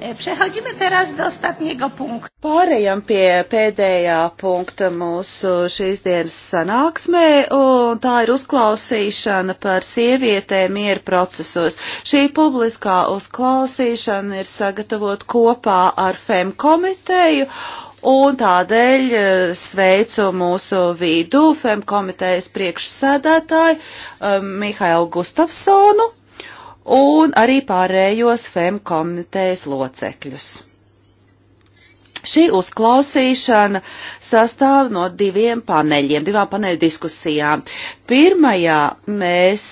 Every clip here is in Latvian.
E, przechodzimy teraz do ostatniego punktu. Pārējām pie pēdējā punkta mūsu šīs dienas sanāksmē, un tā ir uzklausīšana par sievietēm mieru procesos. Šī publiskā uzklausīšana ir sagatavot kopā ar FEM komiteju, un tādēļ e, sveicu mūsu vidu FEM komitejas priekšsēdētāju e, Mihailu Gustafsonu un arī pārējos FEM komitejas locekļus. Šī uzklausīšana sastāv no diviem paneļiem, divām paneļu diskusijām. Pirmajā mēs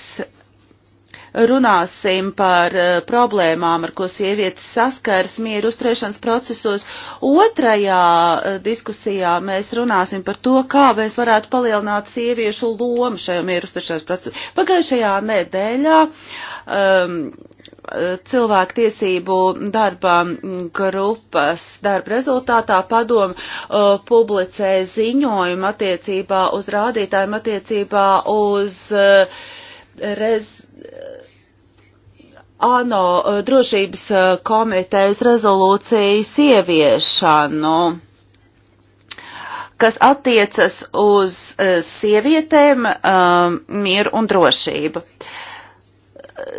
runāsim par eh, problēmām, ar ko sievietes saskars mieru uzturēšanas procesos. Otrajā eh, diskusijā mēs runāsim par to, kā mēs varētu palielināt sieviešu lomu šajā mieru uzturēšanas procesā. Pagājušajā nedēļā uh, um, cilvēku tiesību darba grupas darba rezultātā padomu uh, publicē ziņojumu attiecībā uz rādītājiem, attiecībā uz uh, rez, ANO uh, drošības uh, komitejas rezolūcijas ieviešanu kas attiecas uz uh, sievietēm, um, mieru un drošību. Uh,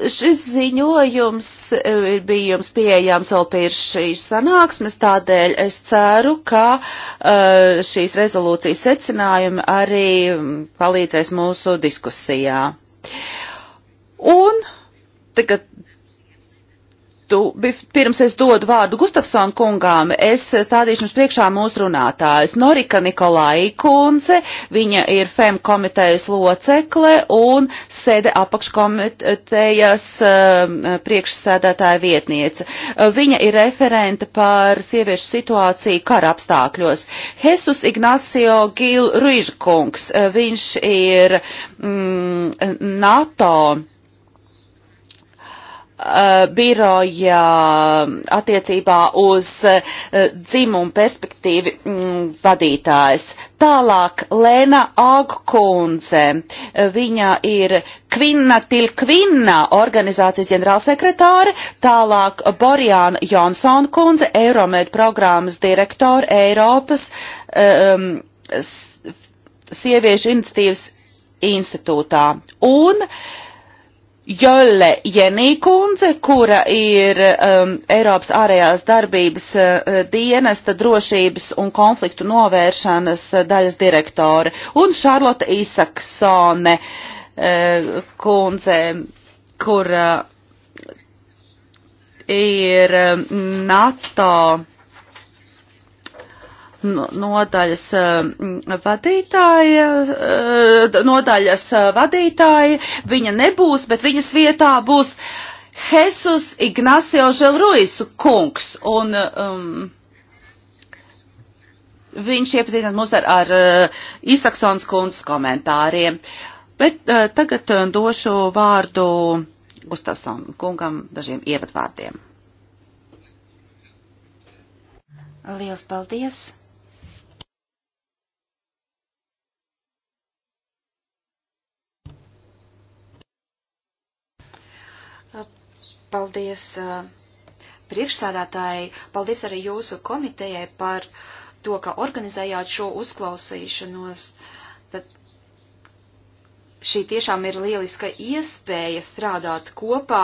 Šis ziņojums e, bija jums pieejams vēl pirms šīs sanāksmes, tādēļ es ceru, ka e, šīs rezolūcijas secinājumi arī palīdzēs mūsu diskusijā. Un tagad tu, pirms es dodu vārdu Gustafson kungām, es stādīšu jums priekšā mūsu runātājs Norika Nikolai Kunze, viņa ir FEM komitejas locekle un sēde apakškomitejas um, priekšsēdētāja vietniece. Viņa ir referente par sieviešu situāciju kara apstākļos. Jesus Ignacio Gil Ruižkungs, viņš ir mm, NATO Uh, birojā attiecībā uz uh, dzimumu perspektīvi mm, vadītājs. Tālāk Lēna Agkundze, viņa ir Kvinna til Kvinna organizācijas ģenerālsekretāre, tālāk Borjāna Jonsona kundze, Euromed programmas direktora Eiropas um, sieviešu iniciatīvas institūtā. Un uh, Jolle Jenīkundze, kura ir um, Eiropas ārējās darbības uh, dienesta drošības un konfliktu novēršanas uh, daļas direktore, un Šarlota Isaksone uh, kundze, kura ir um, NATO nodaļas eh, vadītāja, eh, nodaļas eh, vadītāja, viņa nebūs, bet viņas vietā būs Jesus Ignacio Želruisu kungs. Un, um, viņš iepazīstinās mūs ar, ar Isaksons kundzes komentāriem. Bet uh, tagad došu vārdu Gustavson kungam dažiem ievadvārdiem. Liels paldies! Paldies priekšsādātāji, paldies arī jūsu komitejai par to, ka organizējāt šo uzklausīšanos. Tad šī tiešām ir lieliska iespēja strādāt kopā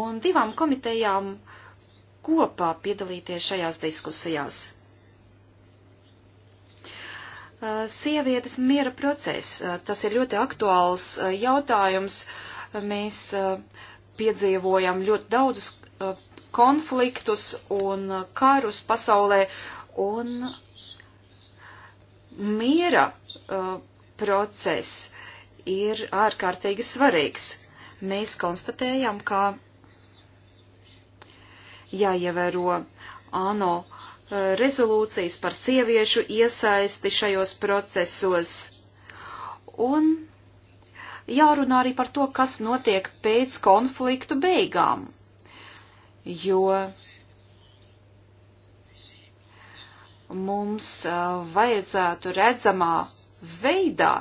un divām komitejām kopā piedalīties šajās diskusijās. Sievietes miera process, tas ir ļoti aktuāls jautājums. Mēs uh, piedzīvojam ļoti daudzus uh, konfliktus un uh, karus pasaulē, un miera uh, process ir ārkārtīgi svarīgs. Mēs konstatējam, ka jāievēro ANO uh, rezolūcijas par sieviešu iesaisti šajos procesos. Un jārunā arī par to, kas notiek pēc konfliktu beigām. Jo mums vajadzētu redzamā veidā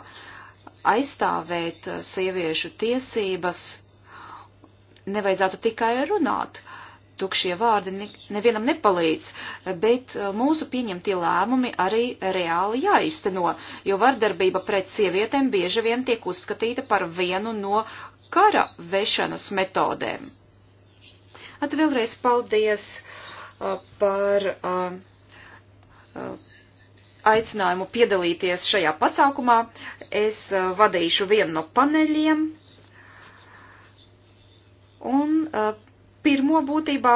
aizstāvēt sieviešu tiesības, nevajadzētu tikai runāt tukšie vārdi ne, nevienam nepalīdz, bet eh, mūsu pieņemtie lēmumi arī reāli jāizteno, jo vardarbība pret sievietēm bieži vien tiek uzskatīta par vienu no kara vešanas metodēm. At vēlreiz paldies eh, par eh, aicinājumu piedalīties šajā pasākumā. Es vadīšu vienu no paneļiem. Un uh, pirmo būtībā,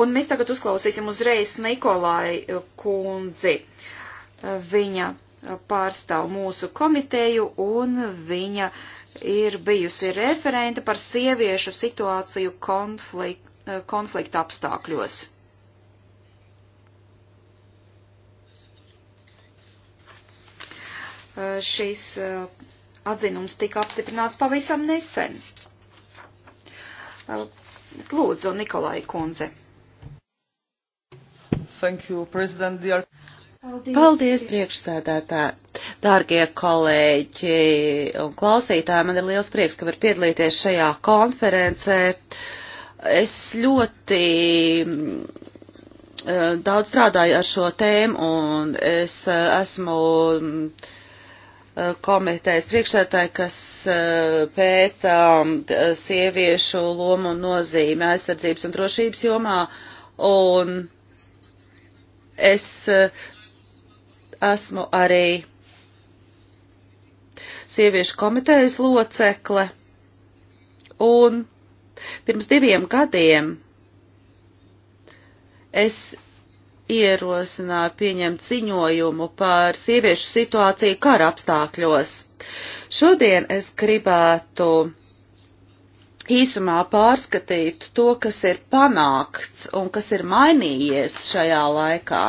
un mēs tagad uzklausīsim uzreiz Nikolai eh, kundzi. Eh, viņa eh, pārstāv mūsu komiteju, un viņa ir bijusi referente par sieviešu situāciju konflikt, konflikta apstākļos. Šis atzinums tika apstiprināts pavisam nesen Lūdzu, Nikolai Kunze. Thank you, President. Dear... Paldies, Paldies priekšsēdētā. Dārgie kolēģi un klausītāji, man ir liels prieks, ka var piedalīties šajā konferencē. Es ļoti mm, eh, daudz strādāju ar šo tēmu un es eh, esmu mm, komitejas priekšsētāji, kas eh, pēta um, eh, sieviešu lomu un nozīmi aizsardzības un drošības jomā, un es eh, esmu arī sieviešu komitejas locekle, un pirms diviem gadiem es ierosināja pieņemt ziņojumu par sieviešu situāciju kara apstākļos. Šodien es gribētu īsumā pārskatīt to, kas ir panākts un kas ir mainījies šajā laikā.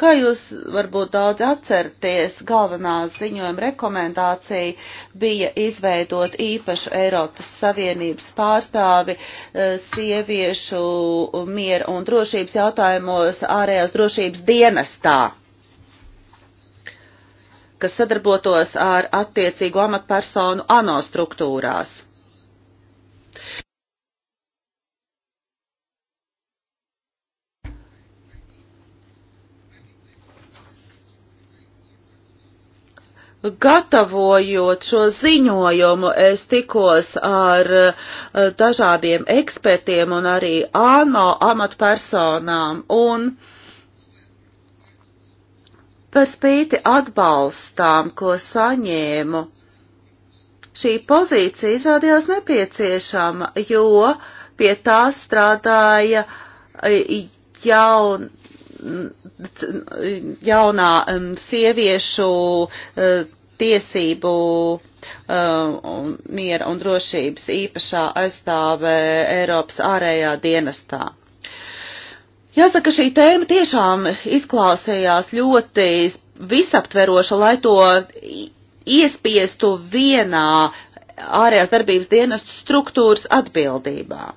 Kā jūs varbūt daudz atcerties, galvenā ziņojuma rekomendācija bija izveidot īpašu Eiropas Savienības pārstāvi eh, sieviešu miera un drošības jautājumos ārējās drošības dienestā kas sadarbotos ar attiecīgo amatpersonu ANO struktūrās. Gatavojot šo ziņojumu, es tikos ar eh, dažādiem ekspertiem un arī ANO amatpersonām, un par spīti atbalstām, ko saņēmu, šī pozīcija izrādījās nepieciešama, jo pie tās strādāja eh, jaun jaunā um, sieviešu uh, tiesību uh, miera un drošības īpašā aizstāve Eiropas ārējā dienestā. Jāsaka, šī tēma tiešām izklausījās ļoti visaptveroša, lai to iespiestu vienā ārējās darbības dienestu struktūras atbildībā.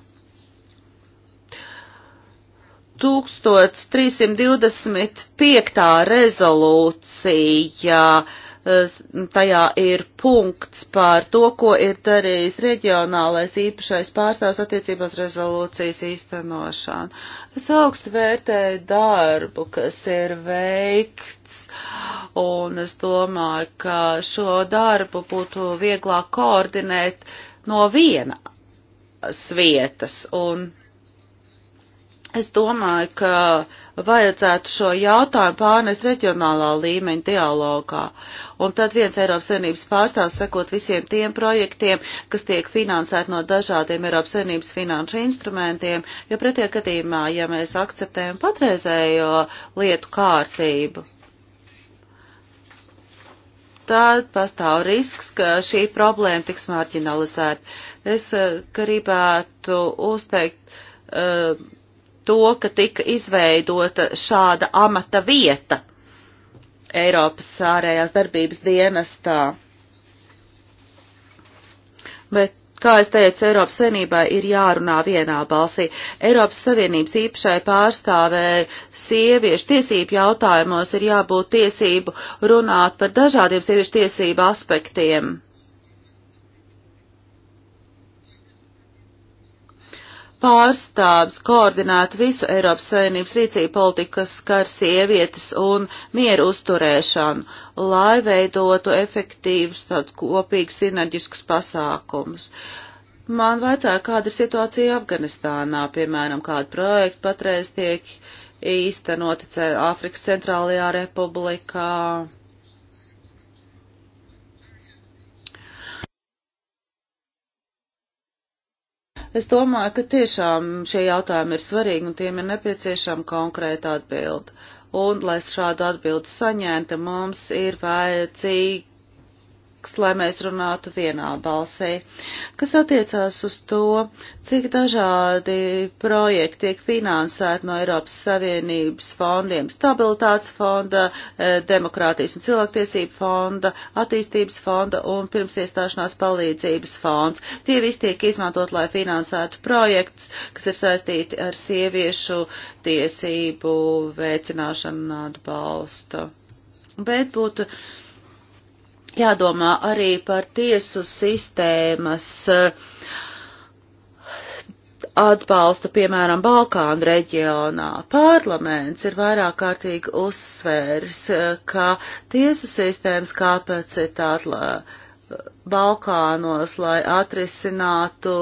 1325. rezolūcija, tajā ir punkts par to, ko ir darījis reģionālais īpašais pārstāvs attiecībās rezolūcijas īstenošanu. Es augstu vērtēju darbu, kas ir veikts, un es domāju, ka šo darbu būtu vieglāk koordinēt no viena svietas. Un Es domāju, ka vajadzētu šo jautājumu pārnest reģionālā līmeņa dialogā. Un tad viens Eiropas Savienības pārstāvs sekot visiem tiem projektiem, kas tiek finansēti no dažādiem Eiropas Savienības finanšu instrumentiem, jo pretie gadījumā, ja mēs akceptējam patreizējo lietu kārtību, tad pastāv risks, ka šī problēma tiks marginalizēta. Es eh, gribētu uzteikt. Uh, to, ka tika izveidota šāda amata vieta Eiropas ārējās darbības dienestā. Bet, kā es teicu, Eiropas Savienībai ir jārunā vienā balsī. Eiropas Savienības īpašai pārstāvē sieviešu tiesību jautājumos ir jābūt tiesību runāt par dažādiem sieviešu tiesību aspektiem. pārstāvis koordinēt visu Eiropas Savienības rīcību politiku, kas skar sievietes un mieru uzturēšanu, lai veidotu efektīvus tādus kopīgus sinerģiskus pasākumus. Man vajadzēja, kāda ir situācija Afganistānā, piemēram, kādu projektu patreiz tiek īstenoti Āfrikas Centrālajā republikā Es domāju, ka tiešām šie jautājumi ir svarīgi un tiem ir nepieciešama konkrēta atbilde. Un, lai šādu atbildi saņemtu, mums ir vajadzīga spēks, lai mēs runātu vienā balsī, kas attiecās uz to, cik dažādi projekti tiek finansēti no Eiropas Savienības fondiem - stabilitātes fonda, eh, demokrātijas un cilvēktiesību fonda, attīstības fonda un pirmsiestāšanās palīdzības fonds. Tie visi tiek izmantot, lai finansētu projektus, kas ir saistīti ar sieviešu tiesību veicināšanu un atbalstu. Bet būtu jādomā arī par tiesu sistēmas eh, atbalstu, piemēram, Balkānu reģionā. Parlaments ir vairāk kārtīgi uzsvērs, eh, ka tiesu sistēmas kapacitāte eh, Balkānos, lai atrisinātu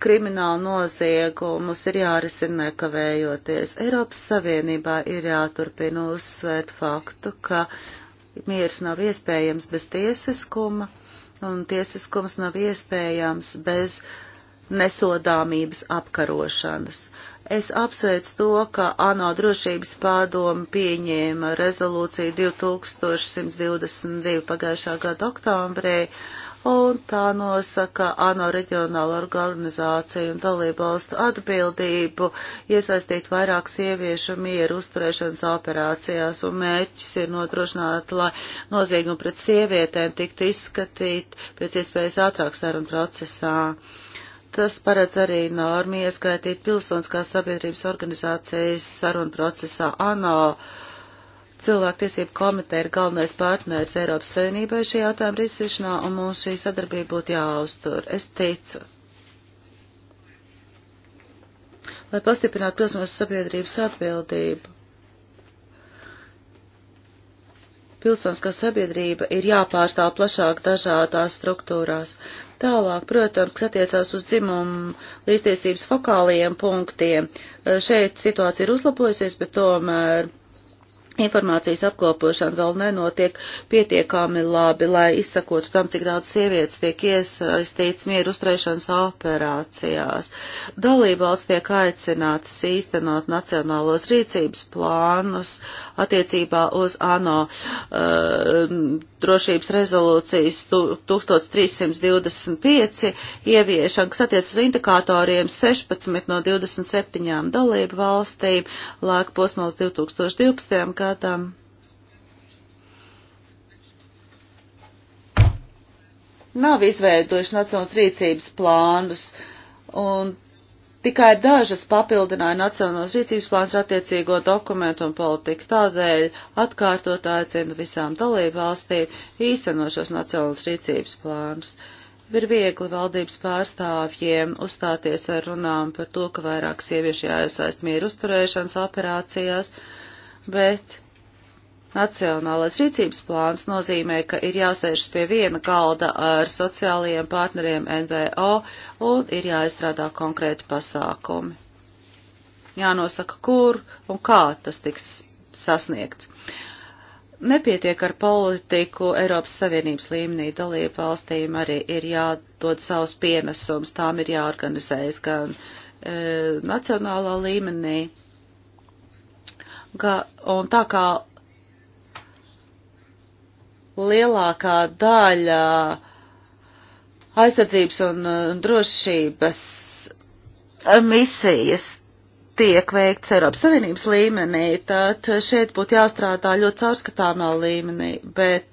kriminālu noziegumus ir jārisina nekavējoties. Eiropas Savienībā ir jāturpina uzsvērt faktu, ka Miers nav iespējams bez tiesiskuma, un tiesiskums nav iespējams bez nesodāmības apkarošanas. Es apsveicu to, ka ANO drošības pārdomu pieņēma rezolūciju 2122 pagājušā gada oktobrī, un tā nosaka ANO reģionāla organizācija un dalībvalstu atbildību iesaistīt vairāk sieviešu mieru uzturēšanas operācijās, un mērķis ir nodrošināt, lai noziegumi pret sievietēm tiktu izskatīt pēc iespējas ātrāk sarunu procesā. Tas paredz arī normu ieskaitīt pilsoniskās sabiedrības organizācijas sarunu procesā ANO. Cilvēktiesību komiteja ir galvenais partneris Eiropas Savienībai šī jautājuma risināšanā, un mums šī sadarbība būtu jāuztur. Es ticu. Lai pastiprinātu pilsonās sabiedrības atbildību, pilsoniskā sabiedrība ir jāpārstāv plašāk dažādās struktūrās. Tālāk, protams, kas attiecās uz dzimumu līdztiesības fokālajiem punktiem, šeit situācija ir uzlabojusies, bet tomēr Informācijas apkopošana vēl nenotiek pietiekami labi, lai izsakotu tam, cik daudz sievietes tiek iesaistīts mieru uzturēšanas operācijās. Dalībvalsts tiek aicinātas īstenot nacionālos rīcības plānus attiecībā uz ANO uh, drošības rezolūcijas 1325 ieviešanu, kas attiec uz indikatoriem 16 no 27 dalību valstīm, laika posmā līdz 2012. gadam gadam. Nav izveidojuši nacionālas rīcības plānus, un tikai dažas papildināja nacionālas rīcības plāns attiecīgo dokumentu un politiku. Tādēļ atkārtot aicinu visām dalību valstīm īstenošos nacionālas rīcības plānus ir viegli valdības pārstāvjiem uzstāties ar runām par to, ka vairāk sieviešu jāiesaist mieru uzturēšanas operācijās, bet nacionālais rīcības plāns nozīmē, ka ir jāsēžas pie viena galda ar sociālajiem partneriem NVO un ir jāizstrādā konkrēti pasākumi. Jānosaka, kur un kā tas tiks sasniegts. Nepietiek ar politiku Eiropas Savienības līmenī, dalību valstīm arī ir jādod savus pienesums, tām ir jāorganizējas gan e, nacionālā līmenī, Ga, un tā kā lielākā daļa aizsardzības un drošības misijas tiek veikts Eiropas Savienības līmenī, tad šeit būtu jāstrādā ļoti caurskatāmā līmenī, bet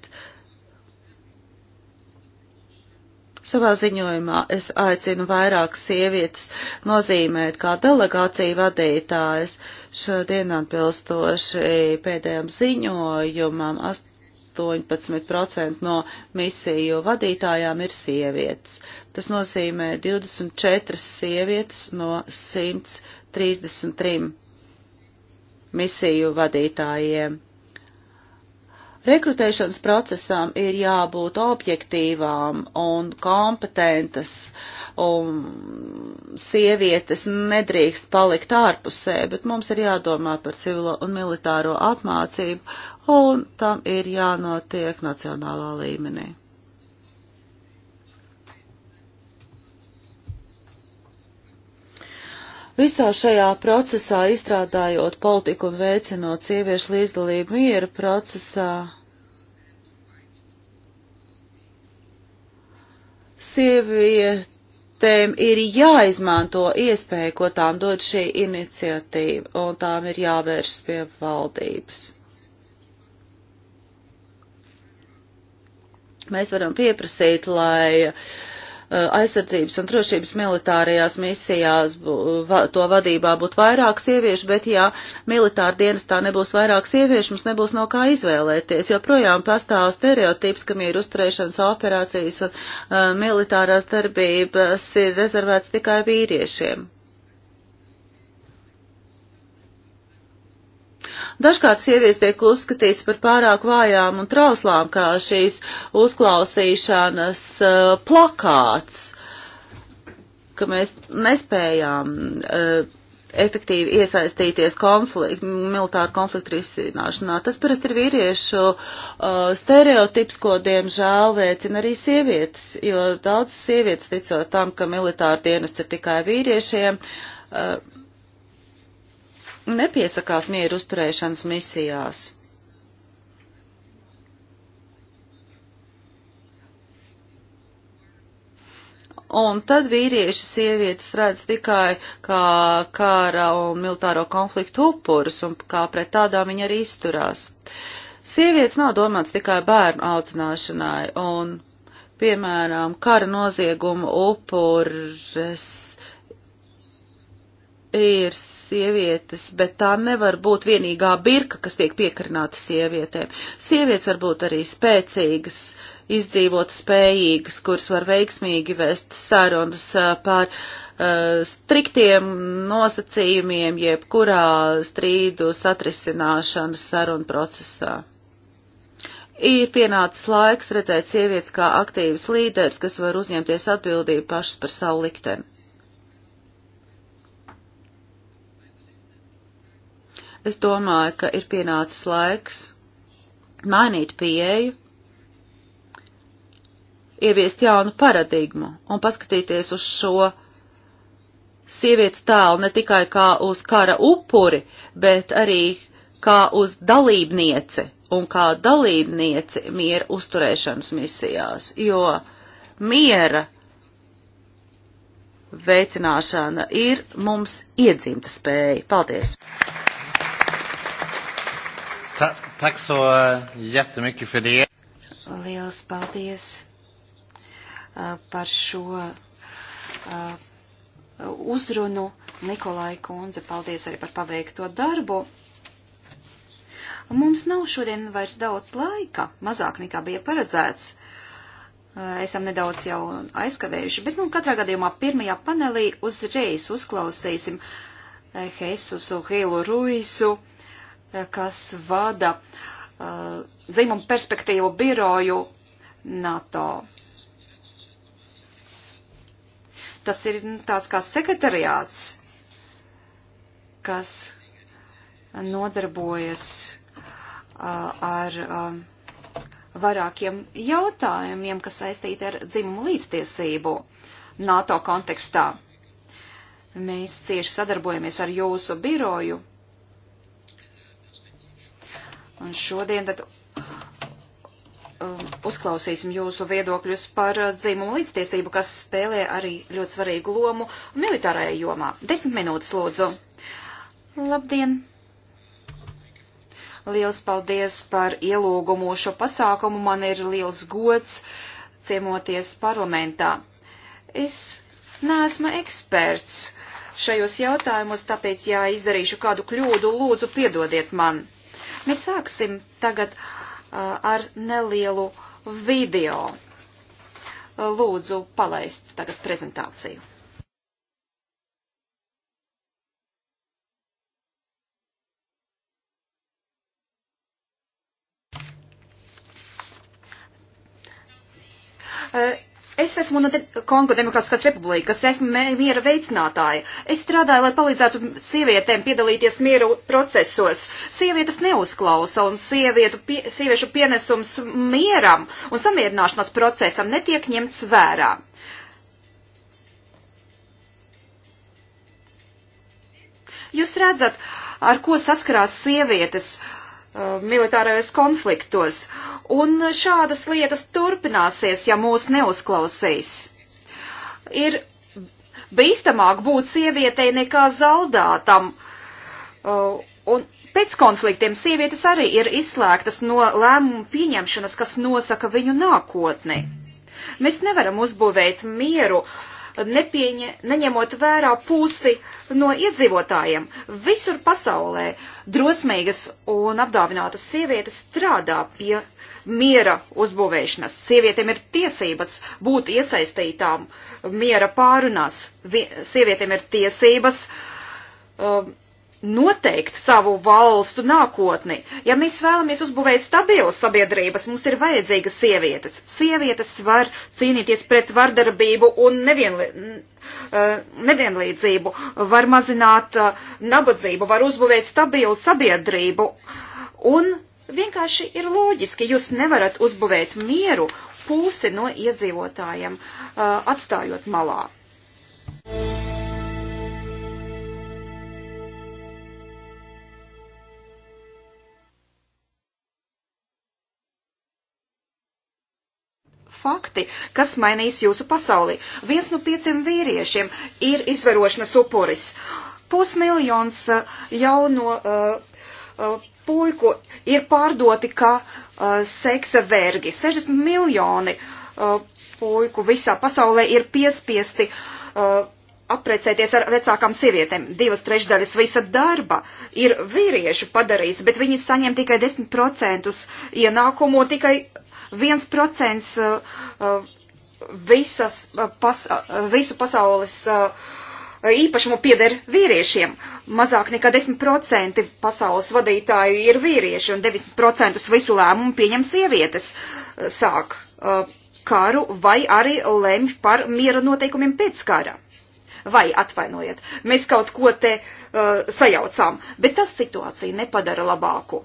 Savā ziņojumā es aicinu vairāk sievietes nozīmēt kā delegāciju vadītājas. Šodien atbilstoši pēdējām ziņojumam 18% no misiju vadītājām ir sievietes. Tas nozīmē 24 sievietes no 133 misiju vadītājiem. Rekrutēšanas procesām ir jābūt objektīvām un kompetentas, un sievietes nedrīkst palikt ārpusē, bet mums ir jādomā par civilo un militāro apmācību, un tam ir jānotiek nacionālā līmenī. Visā šajā procesā, izstrādājot politiku un veicinot sieviešu līdzdalību miera procesā, Sievietēm ir jāizmanto iespēja, ko tām dod šī iniciatīva, un tām ir jāvēršas pie valdības. Mēs varam pieprasīt, lai uh, Eh, aizsardzības un drošības militārajās misijās to vadībā būtu vairāk sieviešu, bet ja militāra dienestā nebūs vairāk sieviešu, mums nebūs no kā izvēlēties, jo projām pastāv stereotips, ka mieru uzturēšanas operācijas un uh, militārās darbības ir rezervēts tikai vīriešiem. Dažkārt sievietes tiek uzskatīts par pārāk vājām un trauslām, kā šīs uzklausīšanas uh, plakāts, ka mēs nespējām uh, efektīvi iesaistīties konflikt, militāru konfliktu risināšanā. Tas parasti ir vīriešu uh, stereotips, ko diemžēl veicina arī sievietes, jo daudz sievietes ticot tam, ka militāra dienas ir tikai vīriešiem, uh, nepiesakās mieru uzturēšanas misijās. Un tad vīrieši sievietes redz tikai kā kara un militāro konfliktu upurus un kā pret tādām viņi arī izturās. Sievietes nav domāts tikai bērnu audzināšanai un, piemēram, kara noziegumu upuris ir sievietes, bet tā nevar būt vienīgā birka, kas tiek piekarināta sievietēm. Sievietes var būt arī spēcīgas, izdzīvot spējīgas, kuras var veiksmīgi vest sarunas par uh, striktiem nosacījumiem jebkurā strīdu satrisināšanas sarunu procesā. Ir pienācis laiks redzēt sievietes kā aktīvas līderes, kas var uzņemties atbildību pašas par savu likteni. Es domāju, ka ir pienācis laiks mainīt pieeju, ieviest jaunu paradigmu un paskatīties uz šo sievietes tēlu ne tikai kā uz kara upuri, bet arī kā uz dalībnieci un kā dalībnieci miera uzturēšanas misijās, jo miera veicināšana ir mums iedzimta spēja. Paldies! Tack så eh, jättemycket för det. Liels paldies eh, par šo eh, uzrunu. Nikolai Kunze, paldies arī par paveikto darbu. Mums nav šodien vairs daudz laika, mazāk nekā bija paredzēts. Esam nedaudz jau aizkavējuši, bet, nu, katrā gadījumā pirmajā panelī uzreiz uzklausīsim Hesusu Hilu Ruisu Eh, kas vada uh, dzimumu perspektīvu biroju NATO. Tas ir nu, tāds kā sekretariāts, kas nodarbojas uh, ar uh, vairākiem jautājumiem, kas saistīti ar dzimumu līdztiesību NATO kontekstā. Mēs cieši sadarbojamies ar jūsu biroju Un šodien tad um, uzklausīsim jūsu viedokļus par uh, dzimumu līdztiesību, kas spēlē arī ļoti svarīgu lomu militārajā jomā. Desmit minūtes lūdzu. Labdien! Liels paldies par ielūgumu šo pasākumu. Man ir liels gods ciemoties parlamentā. Es neesmu eksperts šajos jautājumos, tāpēc, ja izdarīšu kādu kļūdu, lūdzu piedodiet man. Mēs sāksim tagad uh, ar nelielu video. Uh, lūdzu, palaist tagad prezentāciju. Uh, Es esmu no de Kongo Demokrātiskās republikas, esmu miera veicinātāja. Es strādāju, lai palīdzētu sievietēm piedalīties miera procesos. Sievietes neuzklausa un sievietu, pie, sieviešu pienesums mieram un samierināšanās procesam netiek ņemts vērā. Jūs redzat, ar ko saskarās sievietes. Uh, Uh, militārais konfliktos. Un šādas lietas turpināsies, ja mūs neuzklausīs. Ir bīstamāk būt sievietei nekā zaldātam. Uh, un pēc konfliktiem sievietes arī ir izslēgtas no lēmumu pieņemšanas, kas nosaka viņu nākotni. Mēs nevaram uzbūvēt mieru uh, nepieņa, neņemot vērā pusi no iedzīvotājiem. Visur pasaulē drosmīgas un apdāvinātas sievietes strādā pie miera uzbūvēšanas. Sievietēm ir tiesības būt iesaistītām miera pārunās. Sievietēm ir tiesības. Um, noteikt savu valstu nākotni. Ja mēs vēlamies uzbūvēt stabilas sabiedrības, mums ir vajadzīgas sievietes. Sievietes var cīnīties pret vardarbību un nevienli, uh, nevienlīdzību, var mazināt uh, nabadzību, var uzbūvēt stabilu sabiedrību. Un vienkārši ir loģiski, jūs nevarat uzbūvēt mieru pusi no iedzīvotājiem, uh, atstājot malā. Thank you. fakti, kas mainīs jūsu pasaulī. Viens no pieciem vīriešiem ir izvarošanas upuris. Pusmiljons uh, jauno uh, uh, puiku ir pārdoti kā uh, seksa vergi. 60 miljoni uh, puiku visā pasaulē ir piespiesti uh, aprecēties ar vecākām sievietēm. Divas trešdaļas visa darba ir vīriešu padarījis, bet viņi saņem tikai 10% ienākumu tikai 1% uh, uh, visas, uh, pas, visu pasaules īpašumu pieder vīriešiem. Mazāk nekā 10% pasaules vadītāju ir vīrieši un 90% visu lēmumu pieņem sievietes. Sāk karu vai arī lemj par miera noteikumiem pēc kara. Vai atvainojiet, mēs kaut ko te uh, sajaucām, bet tas situāciju nepadara labāku.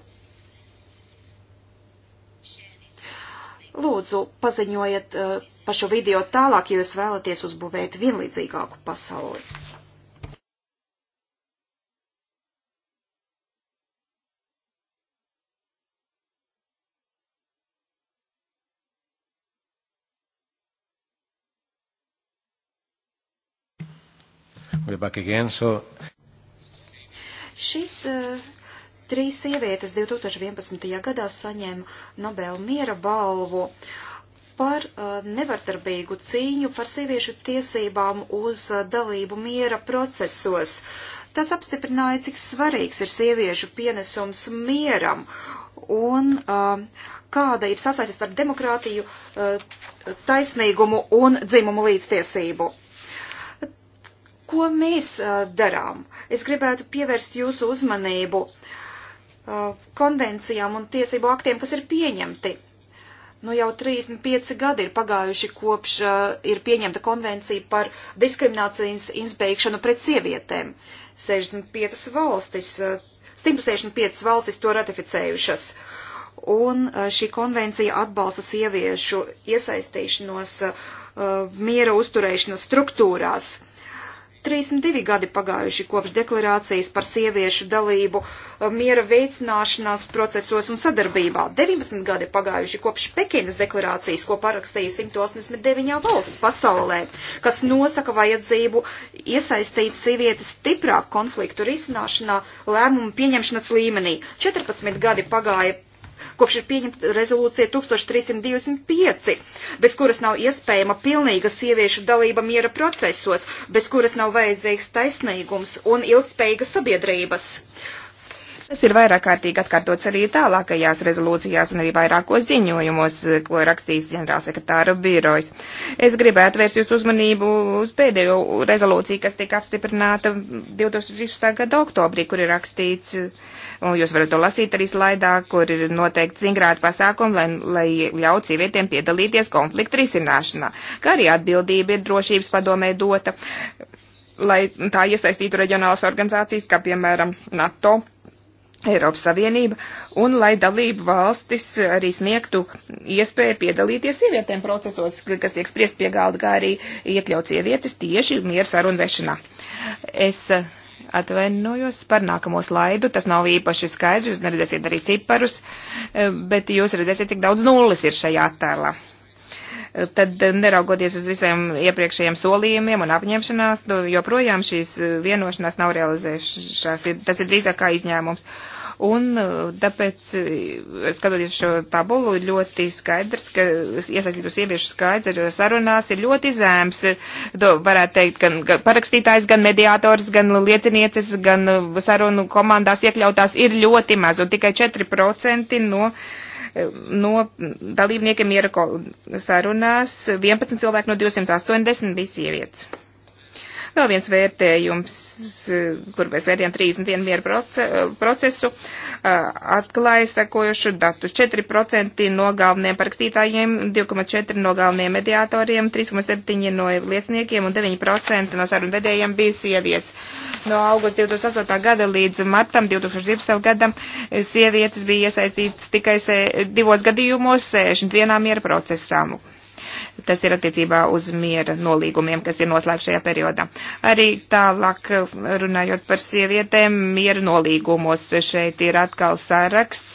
Lūdzu, paziņojiet uh, eh, par šo video tālāk, ja jūs vēlaties uzbūvēt vienlīdzīgāku pasauli. We're back again, so... Šis uh, Trīs sievietes 2011. gadā saņēma Nobel miera balvu par uh, nevardarbīgu cīņu par sieviešu tiesībām uz uh, dalību miera procesos. Tas apstiprināja, cik svarīgs ir sieviešu pienesums mieram un uh, kāda ir sasaistes par demokrātiju, uh, taisnīgumu un dzimumu līdztiesību. Ko mēs uh, darām? Es gribētu pievērst jūsu uzmanību uh, Uh, konvencijām un tiesību aktiem, kas ir pieņemti. Nu jau 35 gadi ir pagājuši kopš uh, ir pieņemta konvencija par diskriminācijas izbeigšanu pret sievietēm. 65 valstis, uh, 165 valstis to ratificējušas. Un uh, šī konvencija atbalsta sieviešu iesaistīšanos uh, miera uzturēšanas struktūrās. Uh, 32 gadi pagājuši kopš deklarācijas par sieviešu dalību eh, miera veicināšanās procesos un sadarbībā. 19 gadi pagājuši kopš Pekinas deklarācijas, ko parakstīja 189 valsts pasaulē, kas nosaka vajadzību iesaistīt sievietes stiprāk konfliktu risināšanā lēmumu pieņemšanas līmenī. 14 gadi pagāja kopš ir pieņemta rezolūcija 1325, bez kuras nav iespējama pilnīga sieviešu dalība miera procesos, bez kuras nav vajadzīgs taisnīgums un ilgspējīga sabiedrības. Uh, Tas ir vairāk kārtīgi atkārtots arī tālākajās rezolūcijās un arī vairākos ziņojumos, ko rakstīs ģenerālsekretāra birojas. Es gribētu vērst jūsu uzmanību uz pēdējo rezolūciju, kas tika apstiprināta 2013. gada oktobrī, kur ir rakstīts, un jūs varat to lasīt arī slaidā, kur ir noteikti zingrāti pasākumi, lai, lai ļautu sievietēm piedalīties konfliktu risināšanā, kā arī atbildība ir drošības padomē dota, lai tā iesaistītu reģionālas organizācijas, kā piemēram NATO Eiropas Savienība, un lai dalību valstis arī sniegtu iespēju piedalīties sievietēm procesos, kas tiek spriest pie galda, kā arī iekļaut sievietes tieši mieru sarunu vešanā. Es atvainojos par nākamo slaidu, tas nav īpaši skaidrs, jūs neredzēsiet arī ciparus, bet jūs redzēsiet, cik daudz nulles ir šajā attēlā tad neraugoties uz visiem iepriekšējiem solījumiem un apņemšanās, nu, joprojām šīs vienošanās nav realizējušās. Tas ir drīzāk kā izņēmums. Un uh, tāpēc, uh, skatoties šo tabulu, ļoti skaidrs, ka iesaistītos sieviešu skaidrs ir sarunās ir ļoti zēms. To varētu teikt gan parakstītājs, gan mediātors, gan liecinieces, gan uh, sarunu komandās iekļautās ir ļoti maz, un tikai 4% no no dalībniekiem iera sarunās 11 cilvēki no 280 visi ievietas. Vēl viens vērtējums, eh, kur mēs vērtējam 31 miera eh, procesu, eh, atklāja sekojušu datus. 4% no galvenajiem parakstītājiem, 2,4% no galvenajiem mediatoriem, 3,7% no lieciniekiem un 9% no sarunvedējiem bija sievietes. No augusta 2008. gada līdz martam 2012. gadam sievietes bija iesaistītas tikai divos gadījumos 61 miera procesām. Tas ir attiecībā uz miera nolīgumiem, kas ir noslēgts šajā periodā. Arī tālāk runājot par sievietēm, miera nolīgumos šeit ir atkal saraksts,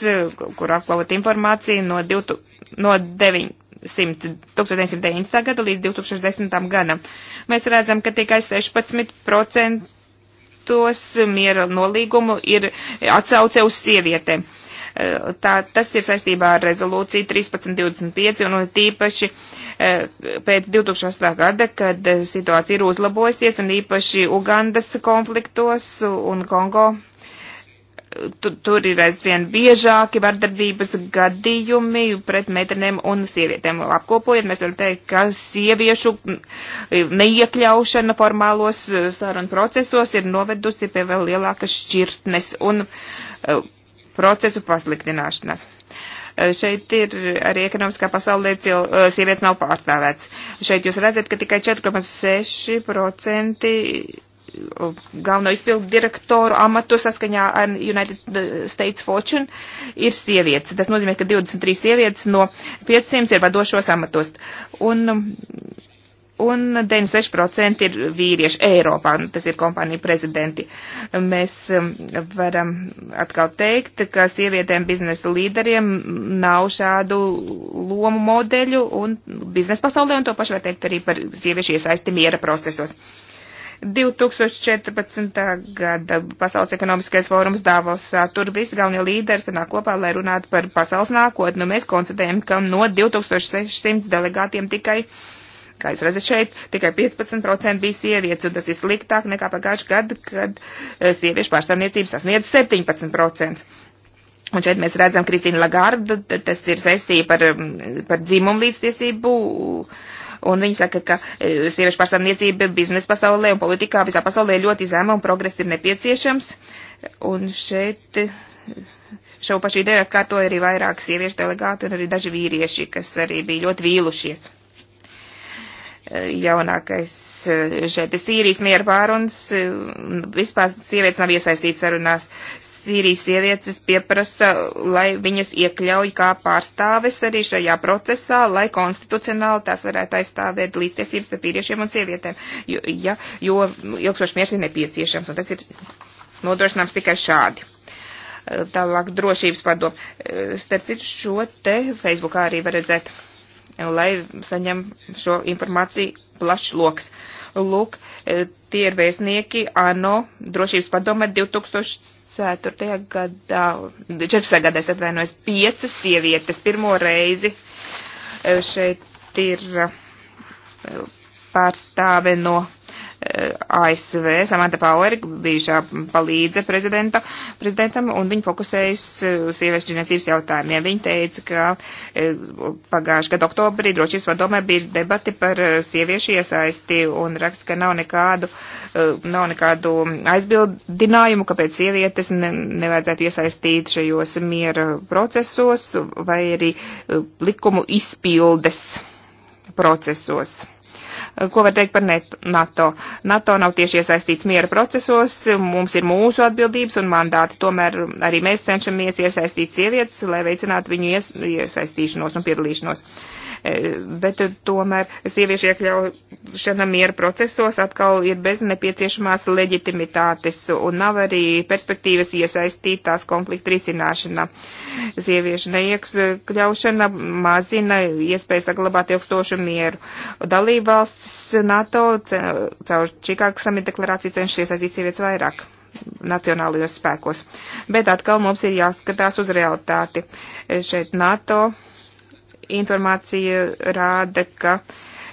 kur apklavot informāciju no, 2000, no 9. 1990. gada līdz 2010. gadam. Mēs redzam, ka tikai 16% miera nolīgumu ir atsauce uz sievietēm. Tā, tas ir saistībā ar rezolūciju 1325 un tīpaši eh, pēc 2008. gada, kad eh, situācija ir uzlabojusies un īpaši Ugandas konfliktos un Kongo tur, tur ir aizvien biežāki vardarbības gadījumi pret meitenēm un sievietēm. Apkopojot, mēs varam teikt, ka sieviešu neiekļaušana formālos eh, sarunu procesos ir novedusi pie vēl lielākas šķirtnes un uh, procesu pasliktināšanās. Eh, šeit ir arī ekonomiskā pasaulē cil, eh, sievietes nav pārstāvēts. Šeit jūs redzat, ka tikai 4,6% eh, galveno izpildu direktoru amatu saskaņā ar United States Fortune ir sievietes. Tas nozīmē, ka 23 sievietes no 500 ir vadošos amatos. Un un 96% ir vīrieši Eiropā, un nu, tas ir kompāniju prezidenti. Mēs um, varam atkal teikt, ka sievietēm biznesa līderiem nav šādu lomu modeļu un biznesa pasaulē, un to pašu var teikt arī par sieviešu iesaisti miera procesos. 2014. gada Pasaules ekonomiskais fórums Davosā. Tur visi galvenie līderi sanāk kopā, lai runātu par pasaules nākotni. Nu, mēs konstatējam, ka no 2600 delegātiem tikai uh, Kā jūs redzat šeit, tikai 15% bija sievietes, un tas ir sliktāk nekā pagājuši gadu, kad eh, sieviešu pārstāvniecības sasniedz 17%. Un šeit mēs redzam Kristīnu Lagardu, tas ir sesija par, par dzimumu līdztiesību. Un viņi saka, ka eh, sieviešu pārstāvniecība biznesa pasaulē un politikā visā pasaulē ļoti zema un progress ir nepieciešams. Un šeit eh, šo pašu ideju atkārtoja arī vairāk sieviešu delegāti un arī daži vīrieši, kas arī bija ļoti vīlušies jaunākais eh, šeit ir Sīrijas miera pārunas, eh, vispār sievietes nav iesaistīts sarunās. Sīrijas sievietes pieprasa, lai viņas iekļauj kā pārstāves arī šajā procesā, lai konstitucionāli tās varētu aizstāvēt līdztiesības ar vīriešiem un sievietēm, jo, ja, jo ilgstošs miers ir nepieciešams, un tas ir nodrošināms tikai šādi eh, tālāk drošības padomu. Starp citu, šo te Facebookā arī var redzēt lai saņem šo informāciju plašs loks. Lūk, e, tie ir vēstnieki ANO drošības padome 2004. gadā, 14. gadā es atvainojos, piecas sievietes pirmo reizi. E, šeit ir e, pārstāve no ASV Samantha Power, bijušā palīdze prezidenta, prezidentam, un viņa fokusējas uz sieviešu ģenēcības jautājumiem. Viņa teica, ka e, pagājušā gada oktobrī drošības padomē bija debati par e, sieviešu iesaisti un raksta, ka nav nekādu, e, nav nekādu aizbildinājumu, kāpēc sievietes ne, nevajadzētu iesaistīt šajos miera procesos vai arī likumu izpildes procesos. Ko var teikt par NATO? NATO nav tieši iesaistīts miera procesos, mums ir mūsu atbildības un mandāti, tomēr arī mēs cenšamies iesaistīt sievietes, lai veicinātu viņu ies iesaistīšanos un piedalīšanos. E, bet e, tomēr sieviešu iekļaušana miera procesos atkal ir bez nepieciešamās leģitimitātes un nav arī perspektīvas iesaistīt tās konflikta risināšanā. Sieviešu neiekļaušana mazina iespēju saglabāt ilgstošu mieru. Dalībvalsts visas NATO caur Čikāgas samita deklarāciju cenšas iesaistīt sievietes vairāk nacionālajos spēkos. Bet atkal mums ir jāskatās uz realitāti. Šeit NATO informācija rāda, ka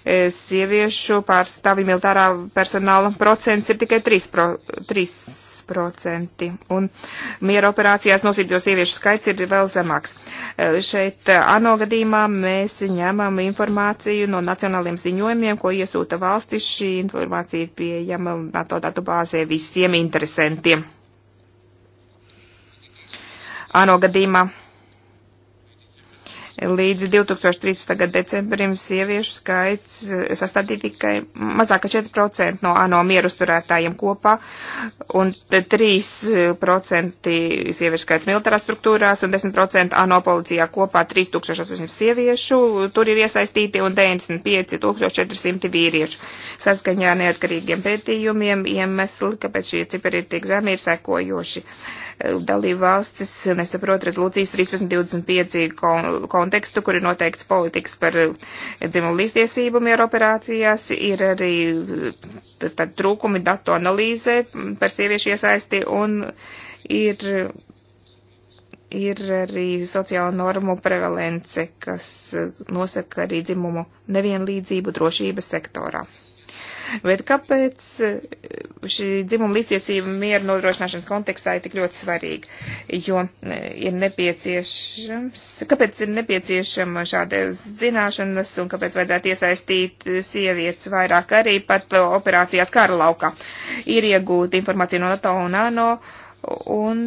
e, sieviešu pārstāvi militārā personāla procents ir tikai 3%. Pro, 3 3%, un miera operācijās nosīdīto sieviešu skaits ir vēl zemāks. E, šeit e, ANO gadījumā mēs ņemam informāciju no nacionāliem ziņojumiem, ko iesūta valstis. Šī informācija ir pieejama NATO datu bāzē visiem interesantiem. ANO gadījumā Līdz 2013. gada decembrim sieviešu skaits eh, sastādīja tikai mazāk kā 4% no ANO mieru uzturētājiem kopā, un 3% sieviešu skaits militārās struktūrās un 10% ANO policijā kopā 3800 sieviešu tur ir iesaistīti un 95400 vīriešu. Saskaņā neatkarīgiem pētījumiem iemesli, kāpēc šie cipari ir tik zemi, ir sekojoši. Uh, dalību valstis nesaprot rezolūcijas 1325 kontekstu, kur ir noteikts politikas par dzimumu līdztiesībām ieroperācijās, ir arī tad, trūkumi datu analīzē par sieviešu iesaisti un ir ir arī sociāla normu prevalence, kas nosaka arī dzimumu nevienlīdzību drošības sektorā. Bet kāpēc eh, šī dzimuma līdztiesība miera nodrošināšana kontekstā ir tik ļoti svarīga? Jo eh, ir nepieciešams, kāpēc ir nepieciešama šāda zināšanas un kāpēc vajadzētu iesaistīt sievietes vairāk arī pat operācijās kara laukā? Ir iegūta informācija no NATO un ANO un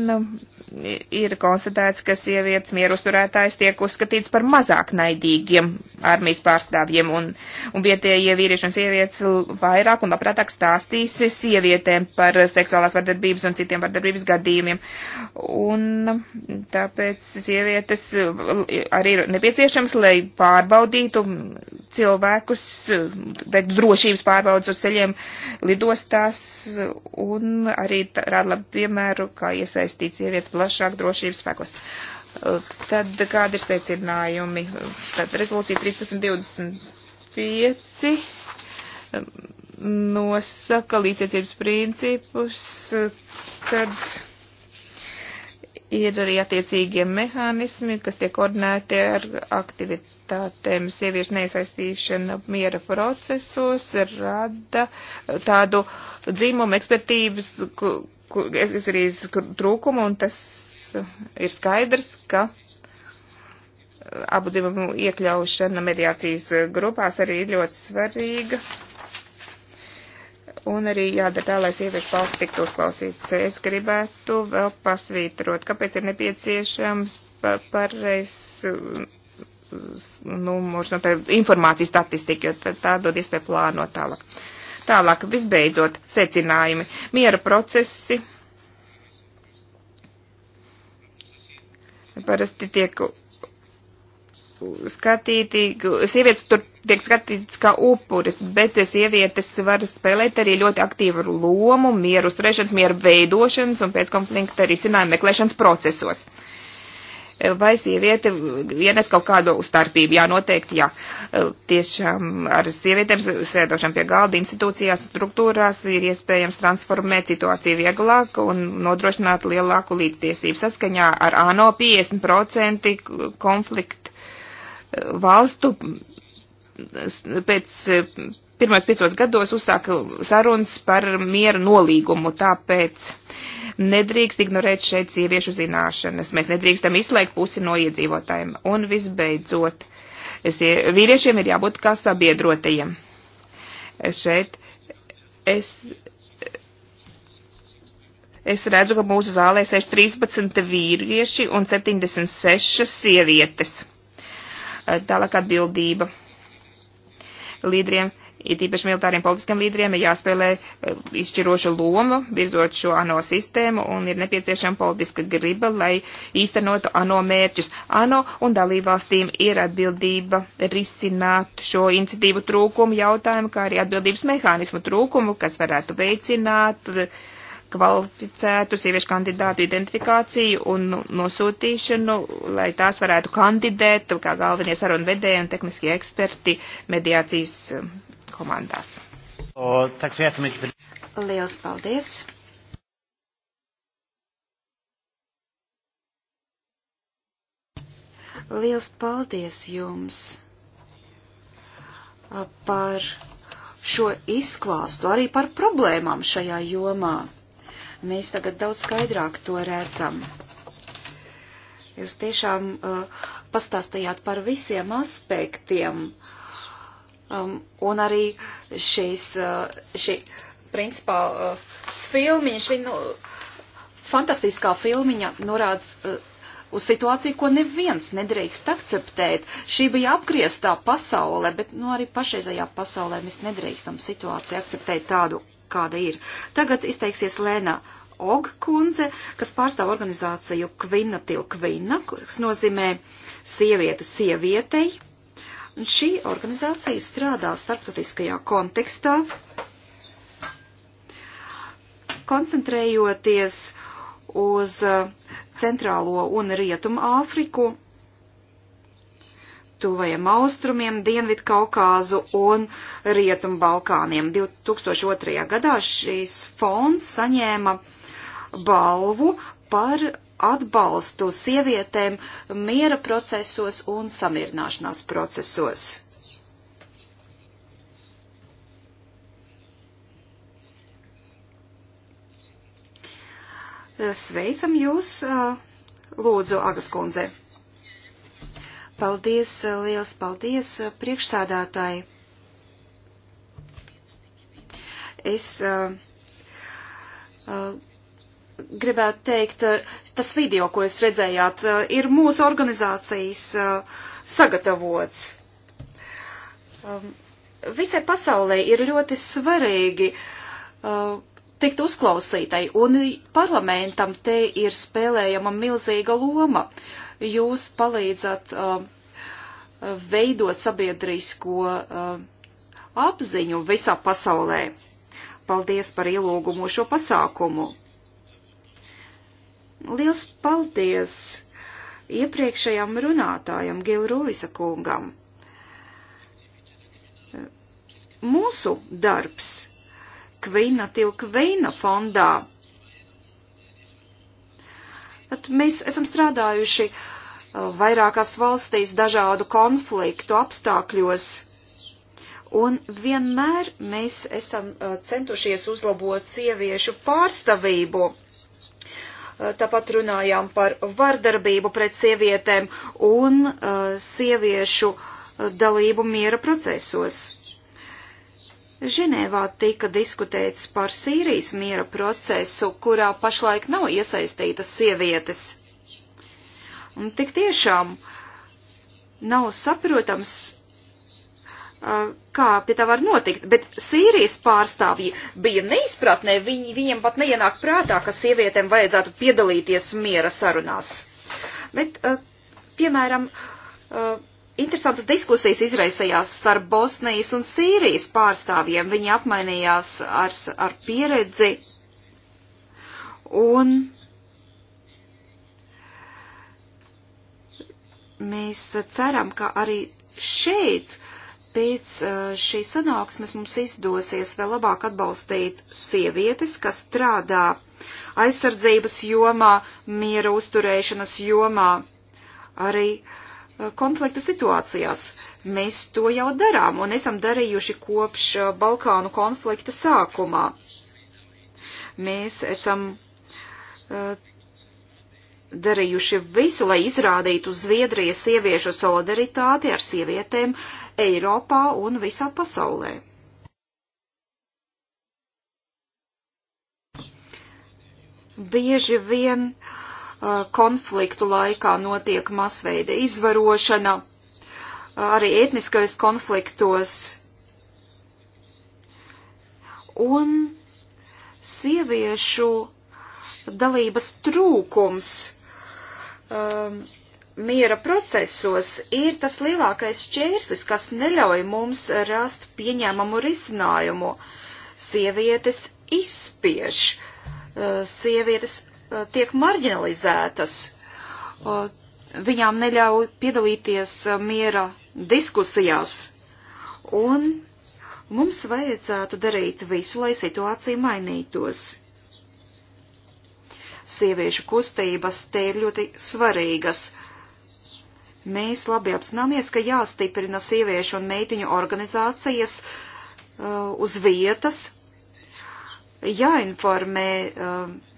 ir konstatēts, ka sievietes mierusturētājs tiek uzskatīts par mazāk naidīgiem armijas pārstāvjiem, un, un vietējie vīrieši un sievietes vairāk un labprātāk stāstīs sievietēm par seksuālās vardarbības un citiem vardarbības gadījumiem. Un tāpēc sievietes arī ir nepieciešams, lai pārbaudītu cilvēkus, teikt, drošības pārbaudas uz ceļiem lidostās, un arī rāda labu piemēru, kā iesaistīt sievietes plašāk drošības spēkos. Tad kādi ir secinājumi? Tad rezolūcija 1325 um, nosaka līdziecības principus, tad ir arī attiecīgie mehānismi, kas tiek koordinēti ar aktivitātēm. Sieviešu neiesaistīšana miera procesos rada tādu dzīmumu ekspertības kur, es, es arī trūkumu, un tas uh, ir skaidrs, ka uh, abu dzimumu iekļaušana mediācijas uh, grupās arī ir ļoti svarīga. Un arī jādara tā, lai sieviešu balss tiktu uzklausīts. Es gribētu vēl pasvītrot, kāpēc ir nepieciešams pareiz numurs, nu, tā informācijas statistika, jo tā dod iespēju plānot tālāk. Uh, Tālāk, visbeidzot, secinājumi. Miera procesi parasti tiek skatīti, sievietes tur tiek skatītas kā upuris, bet sievietes var spēlēt arī ļoti aktīvu lomu mieru uzturēšanas, mieru veidošanas un pēc konflikta risinājumu meklēšanas procesos. Uh, vai sieviete ienes kaut kādu starpību. Jā, noteikti, jā. Tiešām ar sievietēm sēdošam pie galda institūcijās, struktūrās ir iespējams transformēt situāciju vieglāk un nodrošināt lielāku līdztiesību saskaņā ar ANO 50% konfliktu valstu pēc pirmais piecos gados uzsāka sarunas par miera nolīgumu, tāpēc nedrīkst ignorēt šeit sieviešu zināšanas. Mēs nedrīkstam izslēgt pusi no iedzīvotājiem. Un visbeidzot, esie, vīriešiem ir jābūt kā sabiedrotajiem. Šeit es es redzu, ka mūsu zālē sēž 13 vīrieši un 76 sievietes. Tālāk atbildība līderiem it īpaši militāriem politiskiem līderiem ir jāspēlē eh, izšķiroša loma, virzot šo ANO sistēmu, un ir nepieciešama politiska griba, lai īstenotu ANO mērķus. ANO un dalībvalstīm ir atbildība risināt šo iniciatīvu trūkumu jautājumu, kā arī atbildības mehānismu trūkumu, kas varētu veicināt eh, kvalificētu sieviešu kandidātu identifikāciju un nosūtīšanu, lai tās varētu kandidēt kā galvenie sarunu vedēji un tehniskie eksperti mediācijas eh, komandās. Liels paldies! Liels paldies jums par šo izklāstu, arī par problēmām šajā jomā. Mēs tagad daudz skaidrāk to redzam. Jūs tiešām uh, pastāstījāt par visiem aspektiem, uh, Um, un arī šīs, uh, šī, principā, uh, filmiņa, šī nu, fantastiskā filmiņa norāda uh, uz situāciju, ko neviens nedrīkst akceptēt. Šī bija apgrieztā pasaule, bet nu, arī pašreizajā pasaulē mēs nedrīkstam situāciju akceptēt tādu, kāda ir. Tagad izteiksies Lēna Og kundze, kas pārstāv organizāciju Kvina til Kvina, kas nozīmē sieviete sievietei. Un šī organizācija strādā starptautiskajā kontekstā, koncentrējoties uz uh, centrālo un rietumu Āfriku, tuvajiem austrumiem, Dienvidu Kaukāzu un Rietumu Balkāniem. 2002. gadā šīs fonds saņēma balvu par atbalstu sievietēm miera procesos un samierināšanās procesos. Sveicam jūs, lūdzu, Agas kundze. Paldies, liels paldies priekšsādātāji. Es uh, uh, gribētu teikt, eh, tas video, ko jūs redzējāt, eh, ir mūsu organizācijas eh, sagatavots. Ehm, visai pasaulē ir ļoti svarīgi tikt uzklausītai, un parlamentam te ir spēlējama milzīga loma. Jūs palīdzat veidot sabiedrisko apziņu visā pasaulē. Paldies par ielūgumu šo pasākumu. Liels paldies iepriekšējam runātājam Gilruisa kungam. Mūsu darbs Kvina Tilkveina fondā. Tad mēs esam strādājuši uh, vairākās valstīs dažādu konfliktu apstākļos. Un vienmēr mēs esam uh, centušies uzlabot sieviešu pārstāvību Eh, tāpat runājām par vardarbību pret sievietēm un eh, sieviešu eh, dalību miera procesos. Ženēvā tika diskutēts par Sīrijas miera procesu, kurā pašlaik nav iesaistītas sievietes. Un tik tiešām nav saprotams, Eh, kā pie tā var notikt, bet Sīrijas pārstāvji bija neizpratnē, viņi, viņiem pat neienāk prātā, ka sievietēm vajadzētu piedalīties miera sarunās. Bet, eh, piemēram, eh, interesantas diskusijas izraisījās starp Bosnijas un Sīrijas pārstāvjiem, viņi apmainījās ar, ar pieredzi un. Mēs ceram, ka arī šeit uh, pēc šīs sanāksmes mums izdosies vēl labāk atbalstīt sievietes, kas strādā aizsardzības jomā, miera uzturēšanas jomā, arī konflikta situācijās. Mēs to jau darām un esam darījuši kopš Balkānu konflikta sākumā. Mēs esam uh, darījuši visu, lai izrādītu Zviedrijas sieviešu solidaritāti ar sievietēm Eiropā un visā pasaulē. Bieži vien uh, konfliktu laikā notiek masveida izvarošana, uh, arī etniskajos konfliktos. Un sieviešu dalības trūkums um, miera procesos ir tas lielākais čērslis, kas neļauj mums rast pieņēmumu risinājumu. Sievietes izspiež, uh, sievietes uh, tiek marginalizētas, uh, viņām neļauj piedalīties uh, miera diskusijās. Un mums vajadzētu darīt visu, lai situācija mainītos sieviešu kustības, te ir ļoti svarīgas. Mēs labi apzināmies, ka jāstiprina sieviešu un meitiņu organizācijas uh, uz vietas, jāinformē uh,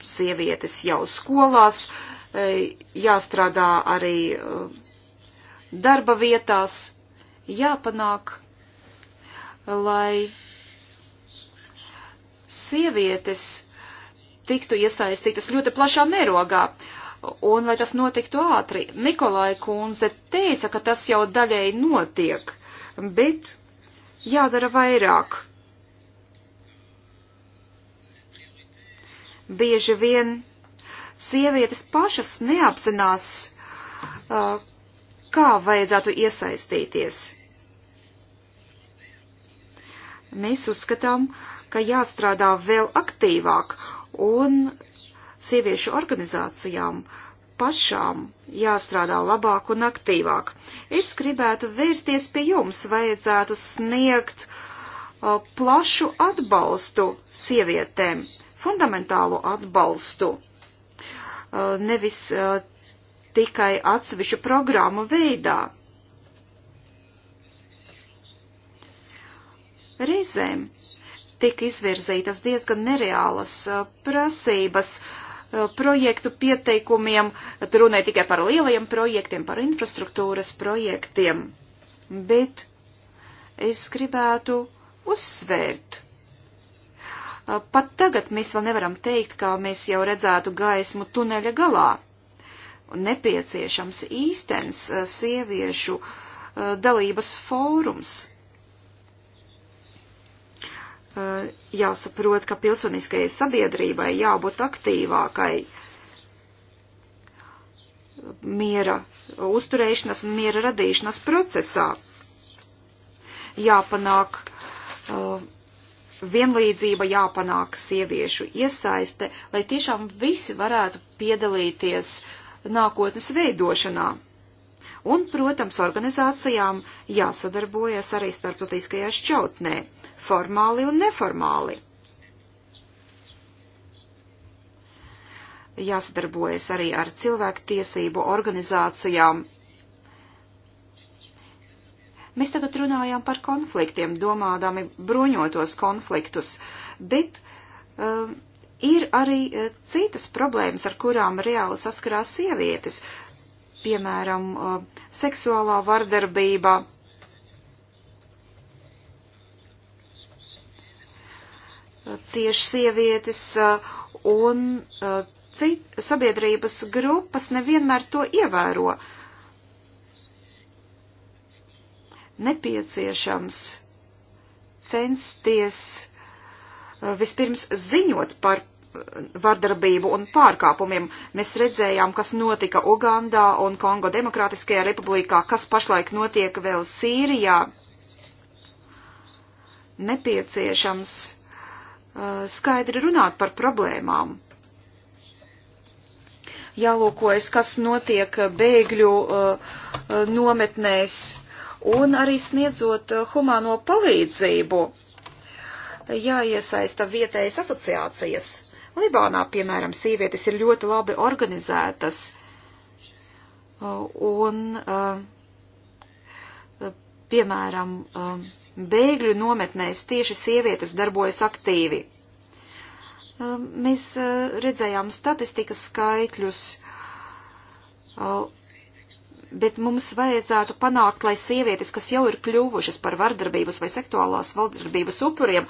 sievietes jau skolās, uh, jāstrādā arī uh, darba vietās, jāpanāk, lai sievietes tiktu iesaistītas ļoti plašā mērogā. Un, lai tas notiktu ātri, Nikolai Kunze teica, ka tas jau daļēji notiek, bet jādara vairāk. Bieži vien sievietes pašas neapzinās, uh, kā vajadzētu iesaistīties. Mēs uzskatām, ka jāstrādā vēl aktīvāk un sieviešu organizācijām pašām jāstrādā labāk un aktīvāk. Es gribētu vērsties pie jums, vajadzētu sniegt uh, plašu atbalstu sievietēm, fundamentālu atbalstu, uh, nevis uh, tikai atsevišķu programmu veidā. Reizēm tika izvirzītas diezgan nereālas uh, prasības uh, projektu pieteikumiem, runāja tikai par lielajiem projektiem, par infrastruktūras projektiem, bet es gribētu uzsvērt. Uh, pat tagad mēs vēl nevaram teikt, kā mēs jau redzētu gaismu tuneļa galā. Nepieciešams īstens sieviešu dalības fórums, Eh, jāsaprot, ka pilsoniskajai sabiedrībai jābūt aktīvākai miera uzturēšanas un miera radīšanas procesā. Jāpanāk uh, vienlīdzība, jāpanāk sieviešu iesaiste, lai tiešām visi varētu piedalīties nākotnes veidošanā. Un, protams, organizācijām jāsadarbojas arī starptautiskajā šķautnē, formāli un neformāli. Jāsadarbojas arī ar cilvēktiesību organizācijām. Mēs tagad runājām par konfliktiem, domādami bruņotos konfliktus, bet uh, ir arī eh, citas problēmas, ar kurām reāli saskarās sievietes. Uh, piemēram, seksuālā vardarbība. Cieši sievietes un cit, sabiedrības grupas nevienmēr to ievēro. Nepieciešams censties vispirms ziņot par vardarbību un pārkāpumiem. Mēs redzējām, kas notika Ugandā un Kongo Demokrātiskajā republikā, kas pašlaik notiek vēl Sīrijā. Nepieciešams uh, skaidri runāt par problēmām. Jālūkojas, kas notiek bēgļu uh, uh nometnēs un arī sniedzot uh, humāno palīdzību. Jāiesaista vietējas asociācijas Libānā, piemēram, sievietes ir ļoti labi organizētas uh, un, uh, piemēram, uh, bēgļu nometnēs tieši sievietes darbojas aktīvi. Mēs redzējām statistikas skaitļus, bet mums vajadzētu panākt, lai sievietes, kas jau ir kļuvušas par vardarbības vai seksuālās vardarbības upuriem,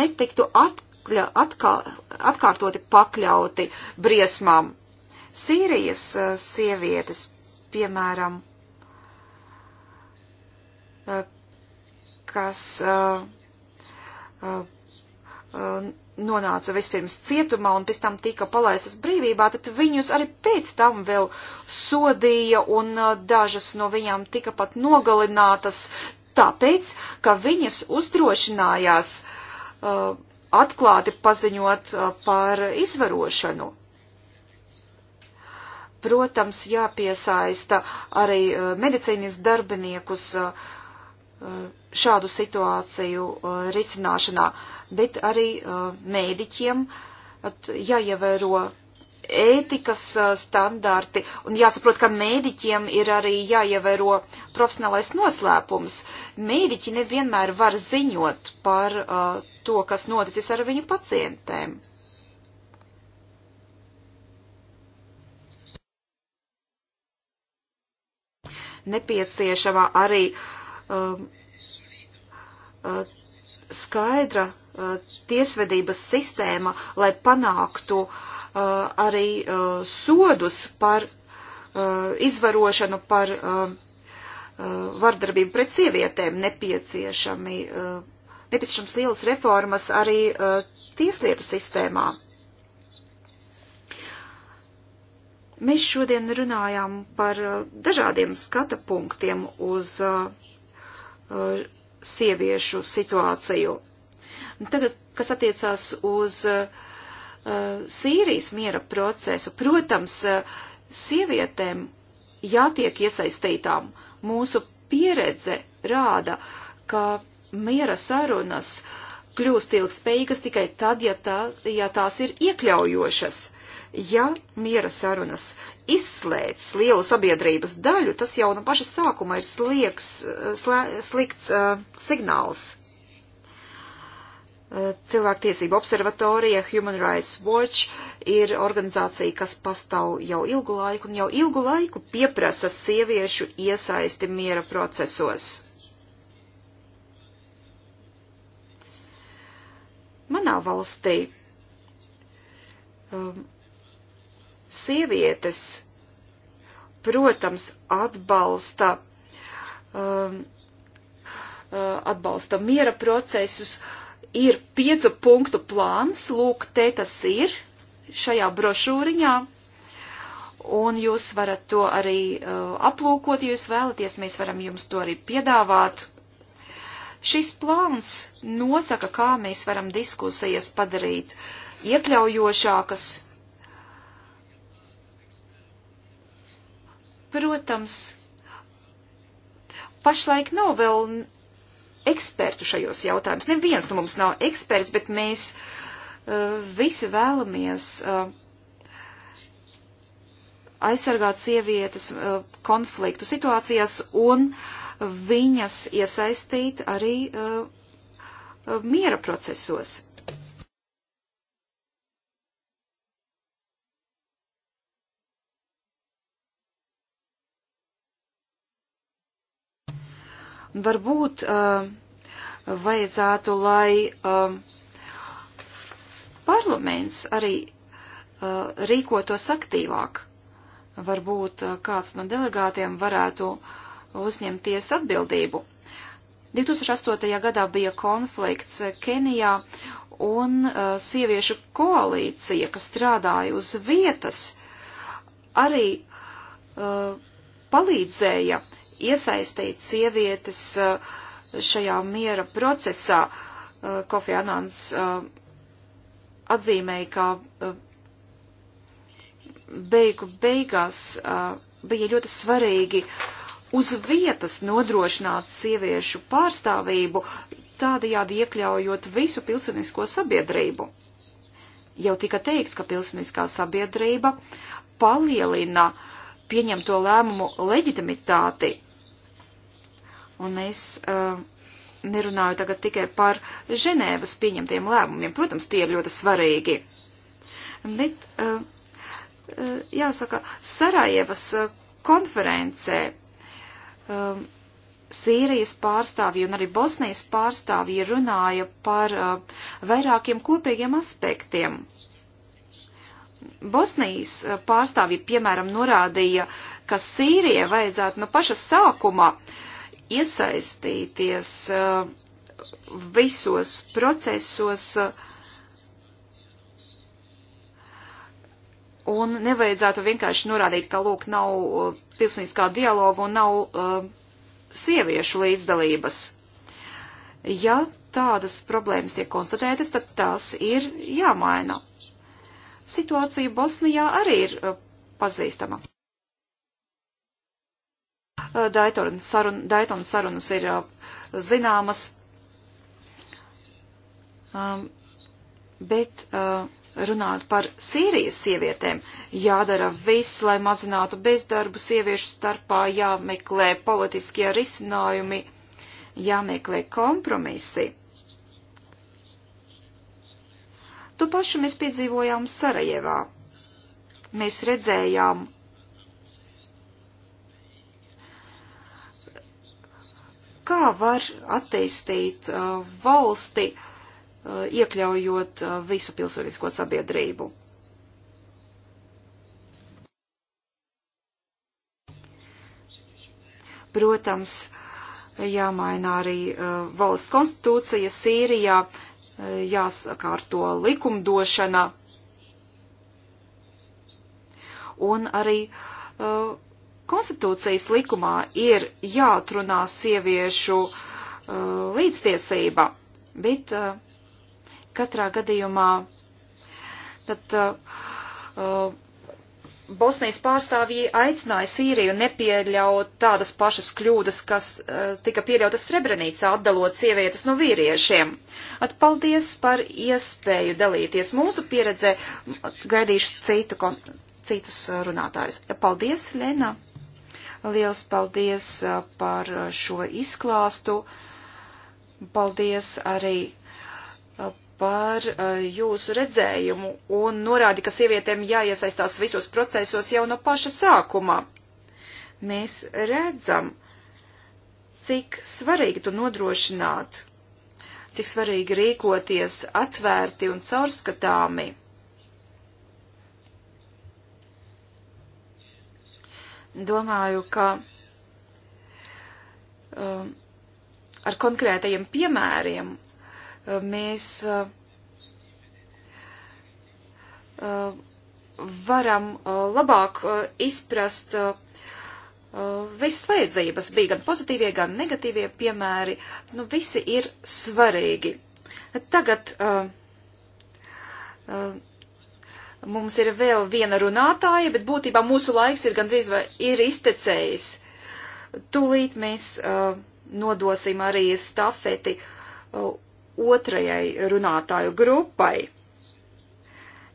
netiktu atkal pakļa, atkā, atkārtoti pakļauti briesmām. Sīrijas eh, sievietes, piemēram, eh, kas eh, nonāca vispirms cietumā un pēc tam tika palaistas brīvībā, tad viņus arī pēc tam vēl sodīja un dažas no viņām tika pat nogalinātas tāpēc, ka viņas uzdrošinājās uh, atklāti paziņot uh, par izvarošanu. Protams, jāpiesaista arī uh, medicīnas darbiniekus uh, šādu situāciju risināšanā, bet arī mēdiķiem jāievēro ētikas standarti, un jāsaprot, ka mēdiķiem ir arī jāievēro profesionālais noslēpums. Mēdiķi nevienmēr var ziņot par uh, to, kas noticis ar viņu pacientēm. Nepieciešama arī uh, uh, skaidra tiesvedības sistēma, lai panāktu uh, Uh, arī uh, sodus par uh, izvarošanu, par vardarbību pret sievietēm nepieciešami, nepieciešams lielas reformas arī tieslietu sistēmā. Mēs šodien runājām par dažādiem skata punktiem uz sieviešu situāciju. Tagad, kas attiecās uz uh, Eh, Sīrijas miera procesu. Protams, eh, sievietēm jātiek iesaistītām. Mūsu pieredze rāda, ka miera sarunas kļūst ilgspējīgas tikai tad, ja, tā, ja tās ir iekļaujošas. Ja miera sarunas izslēdz lielu sabiedrības daļu, tas jau no paša sākuma ir slieks, eh, slē, slikts uh, signāls Cilvēktiesība observatorija Human Rights Watch ir organizācija, kas pastāv jau ilgu laiku un jau ilgu laiku pieprasa sieviešu iesaisti miera procesos. Manā valstī um, sievietes, protams, atbalsta, um, uh, atbalsta miera procesus, uh, ir piecu punktu plāns, lūk, te tas ir šajā brošūriņā, un jūs varat to arī uh, aplūkot, ja jūs vēlaties, mēs varam jums to arī piedāvāt. Šis plāns nosaka, kā mēs varam diskusijas padarīt iekļaujošākas. Protams, pašlaik nav vēl ekspertu šajos jautājumus. Neviens no mums nav eksperts, bet mēs uh, visi vēlamies uh, aizsargāt sievietes uh, konfliktu situācijās un viņas iesaistīt arī uh, uh, miera procesos. Varbūt uh, vajadzētu, lai uh, parlaments arī uh, rīkotos aktīvāk. Varbūt uh, kāds no delegātiem varētu uzņemties atbildību. 2008. gadā bija konflikts Kenijā un uh, sieviešu koalīcija, kas strādāja uz vietas, arī uh, palīdzēja uh, iesaistīt sievietes uh, šajā miera procesā. Uh, Kofi Anans uh, atzīmēja, ka beigu beigās bija ļoti svarīgi uz vietas nodrošināt sieviešu pārstāvību, tādajādi iekļaujot visu pilsonisko sabiedrību. Jau tika teikts, ka pilsoniskā sabiedrība palielina pieņemto lēmumu leģitimitāti Un es uh, nerunāju tagad tikai par Ženēvas pieņemtiem lēmumiem. Protams, tie ir ļoti svarīgi. Bet, uh, uh, jāsaka, Sarajevas konferencē um, Sīrijas pārstāvji un arī Bosnijas pārstāvji runāja par uh, vairākiem kopīgiem aspektiem. Bosnijas pārstāvji, piemēram, norādīja, ka Sīrijai vajadzētu no paša sākuma uh, iesaistīties uh, visos procesos uh, un nevajadzētu vienkārši norādīt, ka lūk nav uh, pilsoniskā dialoga un nav uh, sieviešu līdzdalības. Ja tādas problēmas tiek konstatētas, tad tās ir jāmaina. Situācija Bosnijā arī ir uh, pazīstama. Eh, Daytona sarun, Daytona sarunas ir eh, zināmas, um, bet eh, runāt par Sīrijas sievietēm, jādara viss, lai mazinātu bezdarbu sieviešu starpā, jāmeklē politiskie risinājumi, jāmeklē kompromisi. To pašu mēs piedzīvojām Sarajevā. Mēs redzējām Kā var attīstīt uh, valsti, uh, iekļaujot uh, visu pilsonisko sabiedrību? Protams, jāmaina arī uh, valsts konstitūcija Sīrijā, uh, jāsakārto likumdošana un arī uh, Konstitūcijas likumā ir jāatrunā sieviešu uh, līdztiesība, bet uh, katrā gadījumā tad uh, uh, Bosnijas pārstāvji aicināja Sīriju nepieļaut tādas pašas kļūdas, kas uh, tika pieļautas Srebrenīcā, atdalot sievietes no vīriešiem. Atpaldies par iespēju dalīties mūsu pieredzē. Gaidīšu citu, citus uh, runātājus. Paldies, Lena! Liels paldies uh, par uh, šo izklāstu. Paldies arī uh, par jūsu redzējumu un norādi, ka sievietēm jāiesaistās visos procesos jau no paša sākuma. Mēs redzam, cik svarīgi tu nodrošināt, cik svarīgi rīkoties atvērti un caurskatāmi domāju, ka um, ar konkrētajiem piemēriem um, mēs uh, uh, varam uh, labāk uh, izprast uh, uh, visas vajadzības. Bija gan pozitīvie, gan negatīvie piemēri. Nu, visi ir svarīgi. Tagad Mums ir vēl viena runātāja, bet būtībā mūsu laiks ir gandrīz vai ir iztecējis. Tūlīt mēs uh, nodosim arī stafeti uh, otrajai runātāju grupai.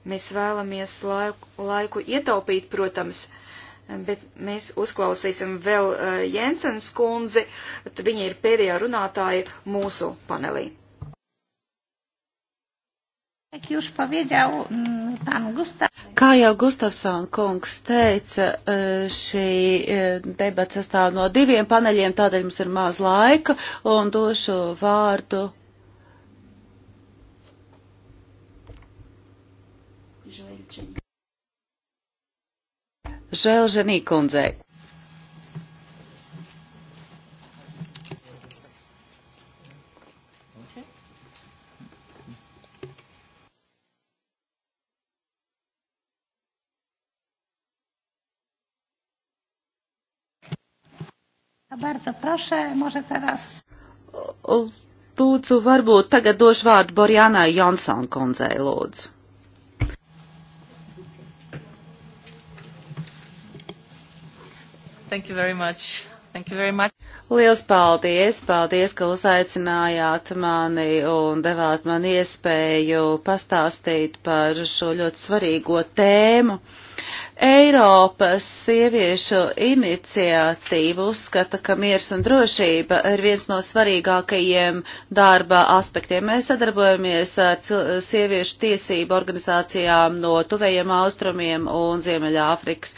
Mēs vēlamies laiku, laiku ietaupīt, protams, bet mēs uzklausīsim vēl uh, Jensens kundzi, viņa ir pēdējā runātāja mūsu panelī. Mm, Kā jau Gustafsson kungs teica, eh, šī eh, debata sastāv no diviem paneļiem, tādēļ mums ir maz laika un došu vārdu. Žēl ženī kundzei. Bardzo proszę, może teraz. Lūdzu, varbūt tagad došu vārdu Borjānai Jonsona kundzei, lūdzu. Thank you very much. Thank you very much. Liels paldies, paldies, ka uzaicinājāt mani un devāt man iespēju pastāstīt par šo ļoti svarīgo tēmu. Uh, Eiropas sieviešu iniciatīva uzskata, ka miers un drošība ir viens no svarīgākajiem darba aspektiem. Mēs sadarbojamies ar sieviešu tiesību organizācijām no tuvējiem austrumiem un Ziemeļāfrikas.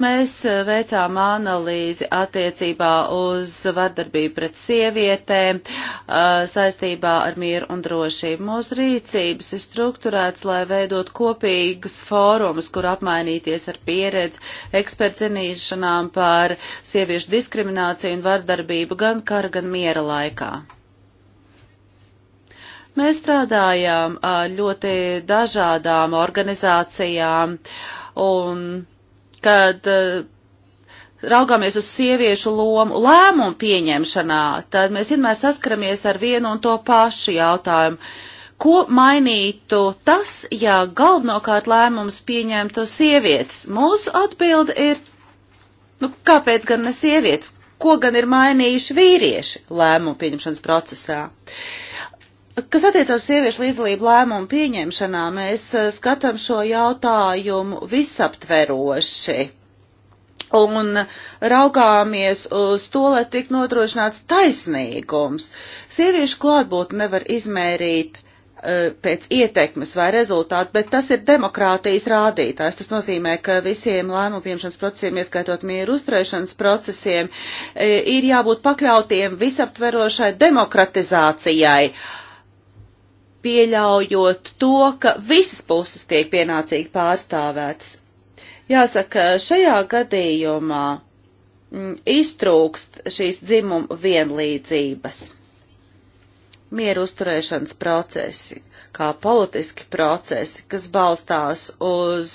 Mēs eh, veicām analīzi attiecībā uz vardarbību pret sievietēm eh, saistībā ar mieru un drošību. Mūsu rīcības ir strukturēts, lai veidot kopīgus fórumus, kur apmainīties ar pieredze, eksperts zinīšanām par sieviešu diskrimināciju un vardarbību gan kara, gan miera laikā. Mēs strādājām ar ļoti dažādām organizācijām un kad raugāmies uz sieviešu lomu lēmumu pieņemšanā, tad mēs vienmēr saskaramies ar vienu un to pašu jautājumu Ko mainītu tas, ja galvenokārt lēmums pieņemtu sievietes? Mūsu atbilde ir, nu, kāpēc gan ne sievietes? Ko gan ir mainījuši vīrieši lēmumu pieņemšanas procesā? Kas attiecas uz sieviešu līdzdalību lēmumu pieņemšanā, mēs eh, skatām šo jautājumu visaptveroši un raugāmies uz to, lai tik nodrošināts taisnīgums. Sieviešu klātbūtni nevar izmērīt uh, Eh, pēc ietekmes vai rezultātu, bet tas ir demokrātijas rādītājs. Tas nozīmē, ka visiem lēmumu pieņemšanas procesiem, ieskaitot mieru uzturēšanas procesiem, eh, ir jābūt pakļautiem visaptverošai demokratizācijai, pieļaujot to, ka visas puses tiek pienācīgi pārstāvētas. Jāsaka, šajā gadījumā m, mm, iztrūkst šīs dzimumu vienlīdzības mieru uzturēšanas procesi, kā politiski procesi, kas balstās uz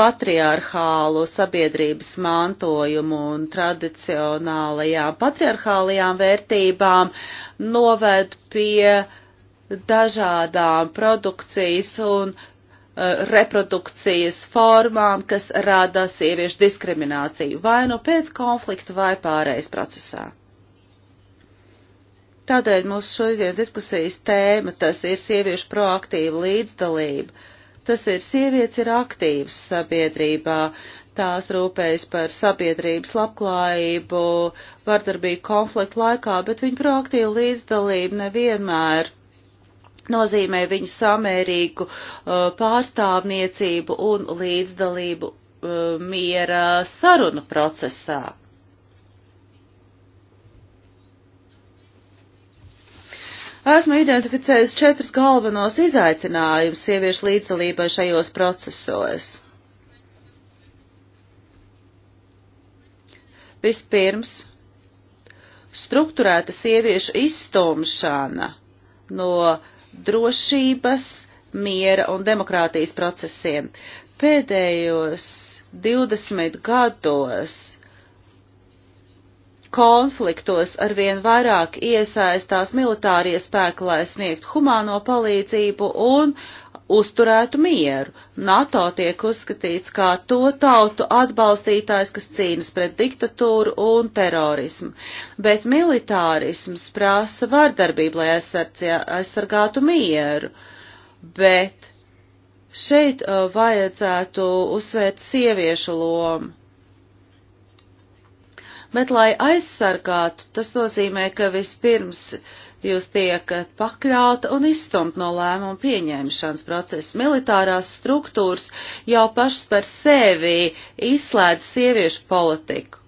patriarchālu sabiedrības mantojumu un tradicionālajām patriarchālajām vērtībām, noved pie dažādām produkcijas un uh, reprodukcijas formām, kas rada sieviešu diskrimināciju vai nu no pēc konflikta vai pārējais procesā. Tādēļ mūsu šodienas diskusijas tēma tas ir sieviešu proaktīva līdzdalība. Tas ir sievietes ir aktīvas sabiedrībā, tās rūpējas par sabiedrības labklājību, vardarbību konfliktu laikā, bet viņa proaktīva līdzdalība nevienmēr nozīmē viņu samērīgu uh, pārstāvniecību un līdzdalību uh, miera sarunu procesā. Esmu identificējis četrus galvenos izaicinājumus sieviešu līdzdalībai šajos procesos. Vispirms, strukturēta sieviešu izstumšana no drošības, miera un demokrātijas procesiem. Pēdējos 20 gados konfliktos arvien vairāk iesaistās militārie spēki, lai sniegtu humāno palīdzību un uzturētu mieru. NATO tiek uzskatīts kā to tautu atbalstītājs, kas cīnas pret diktatūru un terorismu, bet militārisms prasa vardarbību, lai aizsargātu mieru. Bet šeit uh, vajadzētu uzsvērt sieviešu lomu bet, lai aizsargātu, tas nozīmē, ka vispirms jūs tiekat pakļauta un izstumt no lēmumu pieņemšanas procesa. Militārās struktūras jau pašas par sevi izslēdz sieviešu politiku,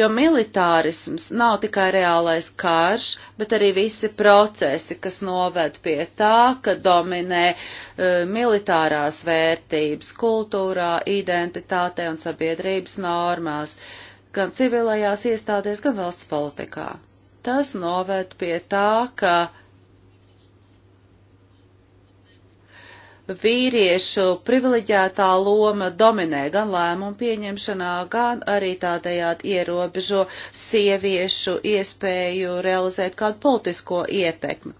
jo militārisms nav tikai reālais karš, bet arī visi procesi, kas noved pie tā, ka dominē uh, militārās vērtības kultūrā, identitātē un sabiedrības normās. Uh, gan civilajās iestādēs, gan valsts politikā. Tas noved pie tā, ka vīriešu privileģētā loma dominē gan lēmumu pieņemšanā, gan arī tādējādi ierobežo sieviešu iespēju realizēt kādu politisko ietekmi.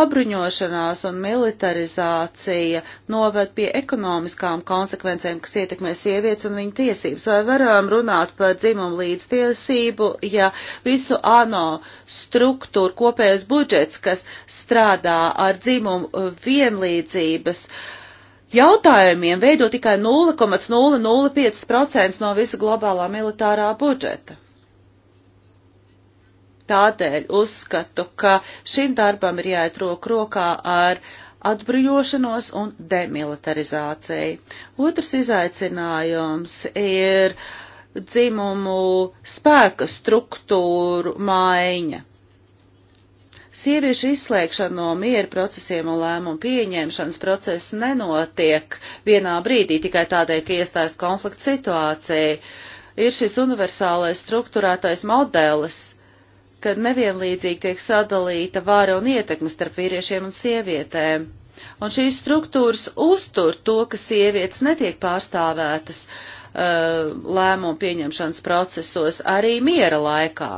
Abruņošanās un militarizācija noved pie ekonomiskām konsekvencēm, kas ietekmē sievietes un viņu tiesības. Vai varam runāt par dzimumu līdztiesību, ja visu ANO struktūru kopējais budžets, kas strādā ar dzimumu vienlīdzības, uh, jautājumiem veido tikai 0,005% no visa globālā militārā budžeta. Tādēļ uzskatu, ka šim darbam ir jāiet roku rokā ar atbrīvošanos un demilitarizāciju. Otrs izaicinājums ir dzimumu spēka struktūru maiņa. Sieviešu izslēgšana no miera procesiem un lēmumu pieņemšanas procesa nenotiek vienā brīdī tikai tādēļ, ka iestājas konflikts situācija. Ir šis universālais struktūrētais modelis, kad nevienlīdzīgi tiek sadalīta vāra un ietekme starp vīriešiem un sievietēm. Un šīs struktūras uztur to, ka sievietes netiek pārstāvētas uh, lēmumu pieņemšanas procesos arī miera laikā.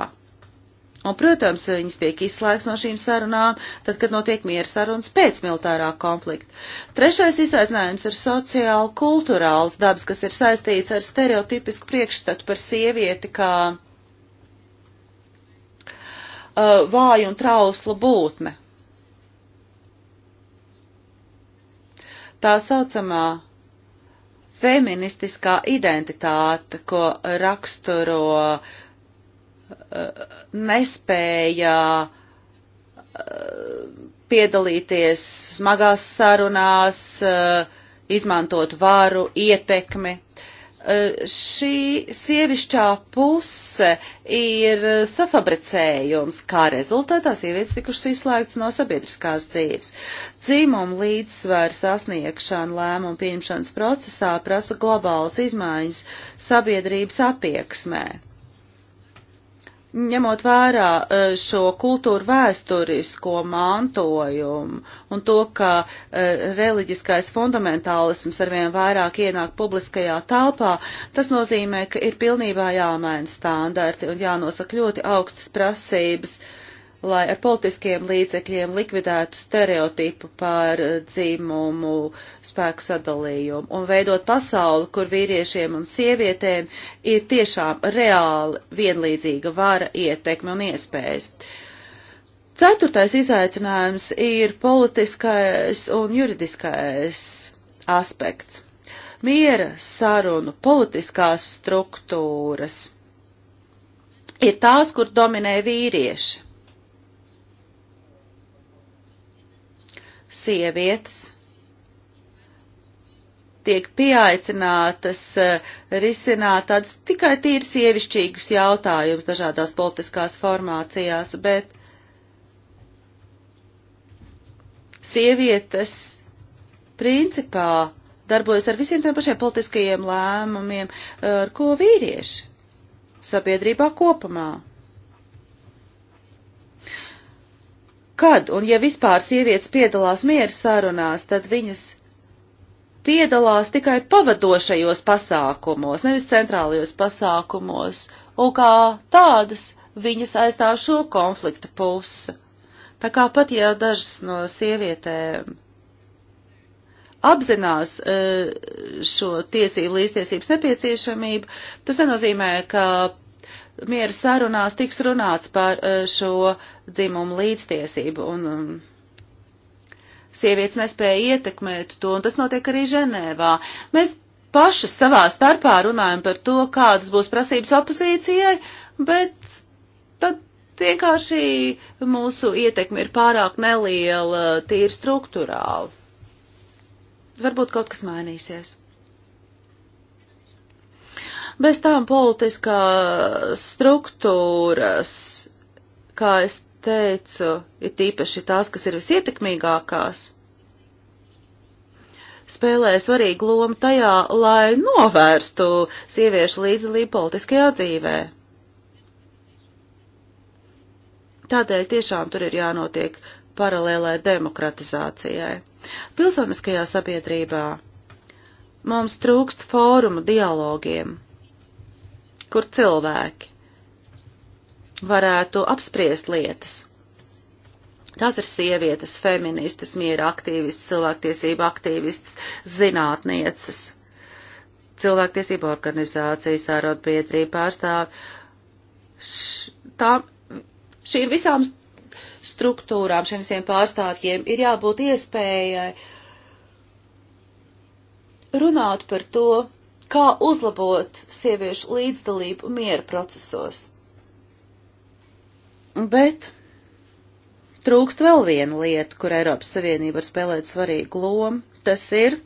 Un, protams, viņas tiek izslēgts no šīm sarunām, tad, kad notiek miera sarunas pēc militārā konflikta. Trešais izaicinājums ir sociāli kulturāls dabas, kas ir saistīts ar stereotipisku priekšstatu par sievieti kā uh, vāju un trauslu būtne. Tā saucamā feministiskā identitāte, ko raksturo uh, nespēja eh, piedalīties smagās sarunās, eh, izmantot varu, ietekmi. Eh, šī sievišķā puse ir safabricējums, kā rezultātā sievietes tikušas izslēgts no sabiedriskās dzīves. Dzīmumu līdzsvēru sasniegšana lēmumu pieņemšanas procesā prasa globālas izmaiņas sabiedrības attieksmē ņemot vērā e, šo kultūru vēsturisko mantojumu un to, ka e, reliģiskais fundamentālisms arvien vairāk ienāk publiskajā telpā, tas nozīmē, ka ir pilnībā jāmaina standarti un jānosaka ļoti augstas prasības uh, lai ar politiskiem līdzekļiem likvidētu stereotipu par eh, dzīmumu spēku sadalījumu un veidot pasauli, kur vīriešiem un sievietēm ir tiešām reāli vienlīdzīga vara, ietekme un iespējas. Ceturtais izaicinājums ir politiskais un juridiskais aspekts - miera sarunu politiskās struktūras. Ir tās, kur dominē vīrieši. sievietes tiek pieaicinātas eh, risināt tādus tikai tīri sievišķīgus jautājumus dažādās politiskās formācijās, bet sievietes principā darbojas ar visiem tiem pašiem politiskajiem lēmumiem, eh, ar ko vīrieši sabiedrībā kopumā. kad un ja vispār sievietes piedalās miera sarunās, tad viņas piedalās tikai pavadošajos pasākumos, nevis centrālajos pasākumos, un kā tādas viņas aizstāv šo konflikta pusi. Tā kā pat ja dažas no sievietēm apzinās e, šo tiesību līdztiesības nepieciešamību, tas nenozīmē, ka miera sarunās tiks runāts par e, šo dzimumu līdztiesību. Un, um, sievietes nespēja ietekmēt to, un tas notiek arī Ženēvā. Mēs pašas savā starpā runājam par to, kādas būs prasības opozīcijai, bet tad vienkārši mūsu ietekme ir pārāk neliela, tīri struktūrāli. Varbūt kaut kas mainīsies. Bez tām politiskās struktūras, kā es teicu, ir tīpaši tās, kas ir visietekmīgākās, spēlē svarīgu lomu tajā, lai novērstu sieviešu līdzdalību politiskajā dzīvē. Tādēļ tiešām tur ir jānotiek paralēlē demokratizācijai. Pilsoniskajā sabiedrībā mums trūkst fórumu dialogiem kur cilvēki varētu apspriest lietas. Tās ir sievietes, feministas, miera aktīvistas, cilvēktiesība aktīvistas, zinātnieces, cilvēktiesība organizācijas, ārotbiedrība pārstāvi. Tām, šīm visām struktūrām, šiem visiem pārstāvjiem ir jābūt iespējai runāt par to, kā uzlabot sieviešu līdzdalību miera procesos. Bet trūkst vēl viena lieta, kur Eiropas Savienība var spēlēt svarīgu lomu. Tas ir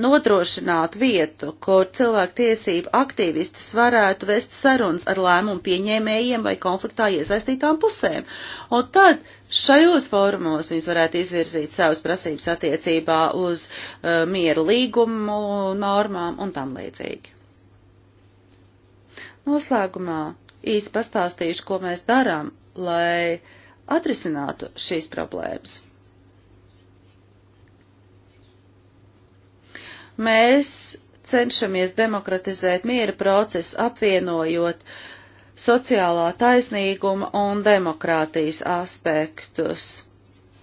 nodrošināt vietu, kur cilvēktiesību aktīvistas varētu vest sarunas ar lēmumu pieņēmējiem vai konfliktā iesaistītām pusēm. Un tad šajos formos viņas varētu izvirzīt savas prasības attiecībā uz uh, mieru līgumu normām un tam līdzīgi. Noslēgumā īsi pastāstīšu, ko mēs darām, lai atrisinātu šīs problēmas. Mēs cenšamies demokratizēt miera procesu, apvienojot sociālā taisnīguma un demokrātijas aspektus,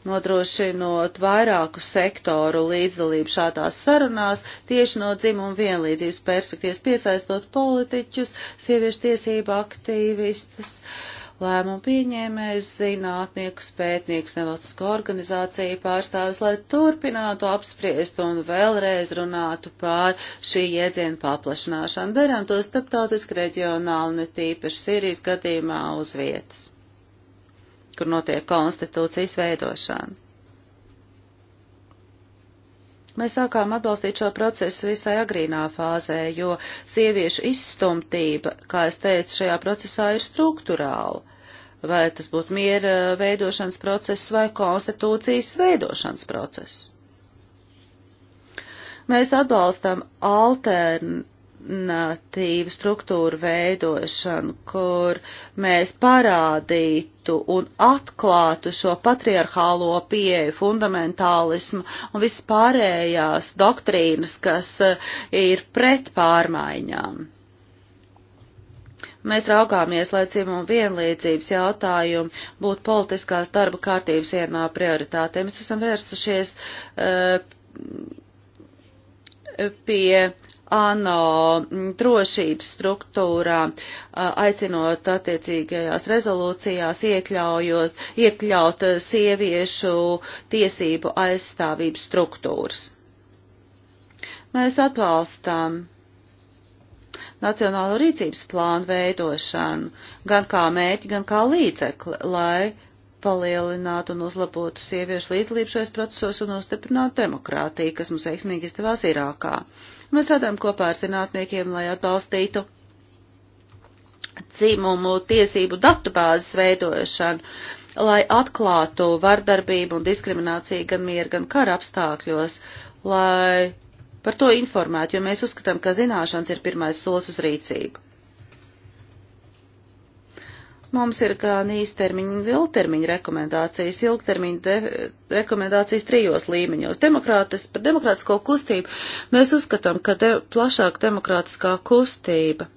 nodrošinot vairāku sektoru līdzdalību šādās sarunās, tieši no dzimuma vienlīdzības perspektīvas piesaistot politiķus, sieviešu tiesību aktīvistus. Uh, lēmumu pieņēmējs, zinātniekus, pētniekus, nevalstisko organizāciju pārstāvis, lai turpinātu apspriest un vēlreiz runātu pār šī jēdziena paplašināšanu. Darām to starptautiski reģionāli, ne tīpaši Sīrijas gadījumā uz vietas, kur notiek konstitūcijas veidošana. Mēs sākām atbalstīt šo procesu visai agrīnā fāzē, jo sieviešu izstumtība, kā es teicu, šajā procesā ir struktūrāla. Vai tas būtu miera veidošanas process vai konstitūcijas veidošanas process. Mēs atbalstam altern, alternatīvu struktūru veidošanu, kur mēs parādītu un atklātu šo patriarchālo pieeju, fundamentālismu un viss pārējās doktrīnas, kas eh, ir pret pārmaiņām. Mēs raugāmies, lai dzimumu vienlīdzības jautājumi būtu politiskās darba kārtības vienā prioritātē. Mēs esam vērsušies uh, pie ANO mm, drošības struktūrā, aicinot attiecīgajās rezolūcijās iekļaujot, iekļaut sieviešu tiesību aizstāvības struktūras. Mēs atbalstām Nacionālo rīcības plānu veidošanu, gan kā mēķi, gan kā līdzekli, lai palielinātu un uzlabotu sieviešu līdzdalību šajos procesos un nostiprinātu demokrātiju, kas mums veiksmīgi izdevās Irākā. Uh, Mēs strādājam kopā ar zinātniekiem, lai atbalstītu dzimumu tiesību datubāzes veidošanu, lai atklātu vardarbību un diskrimināciju gan miera, gan kara apstākļos, lai par to informētu, jo mēs uzskatām, ka zināšanas ir pirmais solis uz rīcību. Mums ir gan īstermiņa, gan ilgtermiņa rekomendācijas, ilgtermiņa rekomendācijas trijos līmeņos. Demokrātis, par demokrātisko kustību mēs uzskatām, ka de plašāk demokrātiskā kustība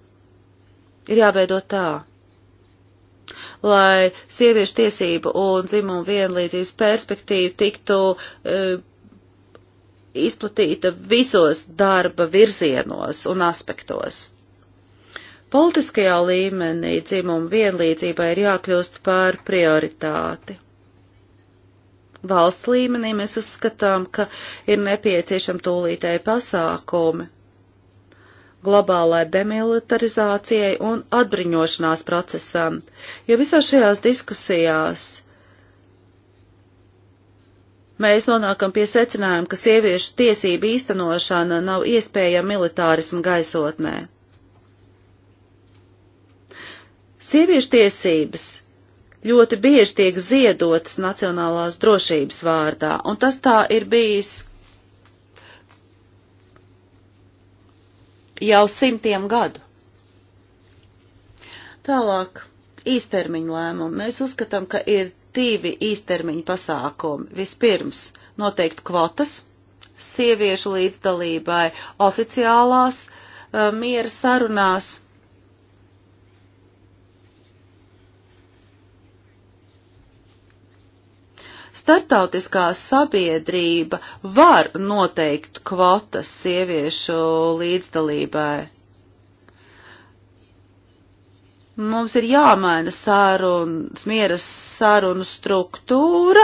ir jāveido tā, lai sieviešu tiesību un dzimumu vienlīdzības perspektīvu tiktu e, izplatīta visos darba virzienos un aspektos. Politiskajā līmenī dzimuma vienlīdzībai ir jākļūst par prioritāti. Valsts līmenī mēs uzskatām, ka ir nepieciešama tūlītēji pasākumi globālai demilitarizācijai un atbriņošanās procesam, jo visā šajās diskusijās mēs nonākam pie secinājuma, ka sieviešu tiesību īstenošana nav iespējama militārismu gaisotnē. Sieviešu tiesības ļoti bieži tiek ziedotas nacionālās drošības vārdā, un tas tā ir bijis jau simtiem gadu. Tālāk, īstermiņa lēmumi. Mēs uzskatām, ka ir divi īstermiņa pasākumi. Vispirms, noteikt kvotas sieviešu līdzdalībai oficiālās uh, miera sarunās startautiskā sabiedrība var noteikt kvotas sieviešu līdzdalībai. Mums ir jāmaina sārun, mieras sarunu struktūra,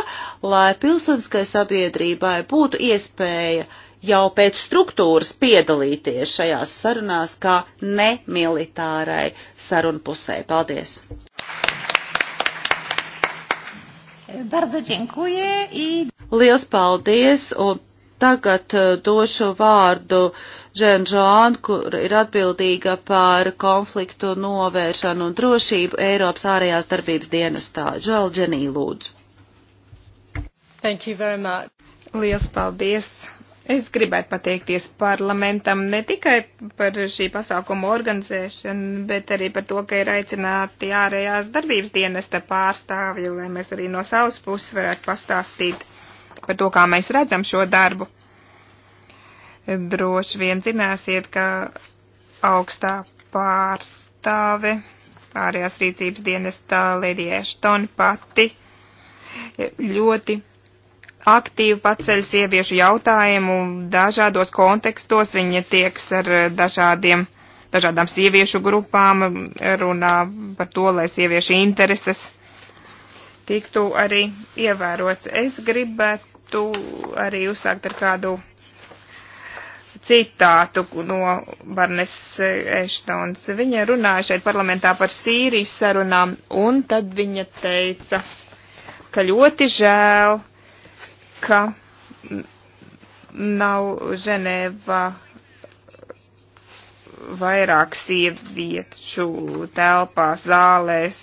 lai pilsoniskai sabiedrībai būtu iespēja jau pēc struktūras piedalīties šajās sarunās kā nemilitārai sarunpusē. Paldies! Bardzo dziękuję i... Liels paldies un tagad uh, došu vārdu Žen Žoan, kur ir atbildīga par konfliktu novēršanu un drošību Eiropas ārējās darbības dienestā. Žal Dženī lūdzu. Thank you very much. Liels paldies Es gribētu pateikties parlamentam ne tikai par šī pasākuma organizēšanu, bet arī par to, ka ir aicināti ārējās darbības dienesta pārstāvji, lai mēs arī no savas puses varētu pastāstīt par to, kā mēs redzam šo darbu. Droši vien zināsiet, ka augstā pārstāve ārējās rīcības dienesta Lidija Eštoni pati ļoti aktīvi paceļ sieviešu jautājumu dažādos kontekstos. Viņa tieks ar eh, dažādiem, dažādām sieviešu grupām, runā par to, lai sieviešu intereses tiktu arī ievērots. Es gribētu arī uzsākt ar kādu citātu no Barnes Eštons. Viņa runāja šeit parlamentā par Sīrijas sarunām, un tad viņa teica, ka ļoti žēl, ka nav Ženēva vairāk sieviešu telpās, zālēs.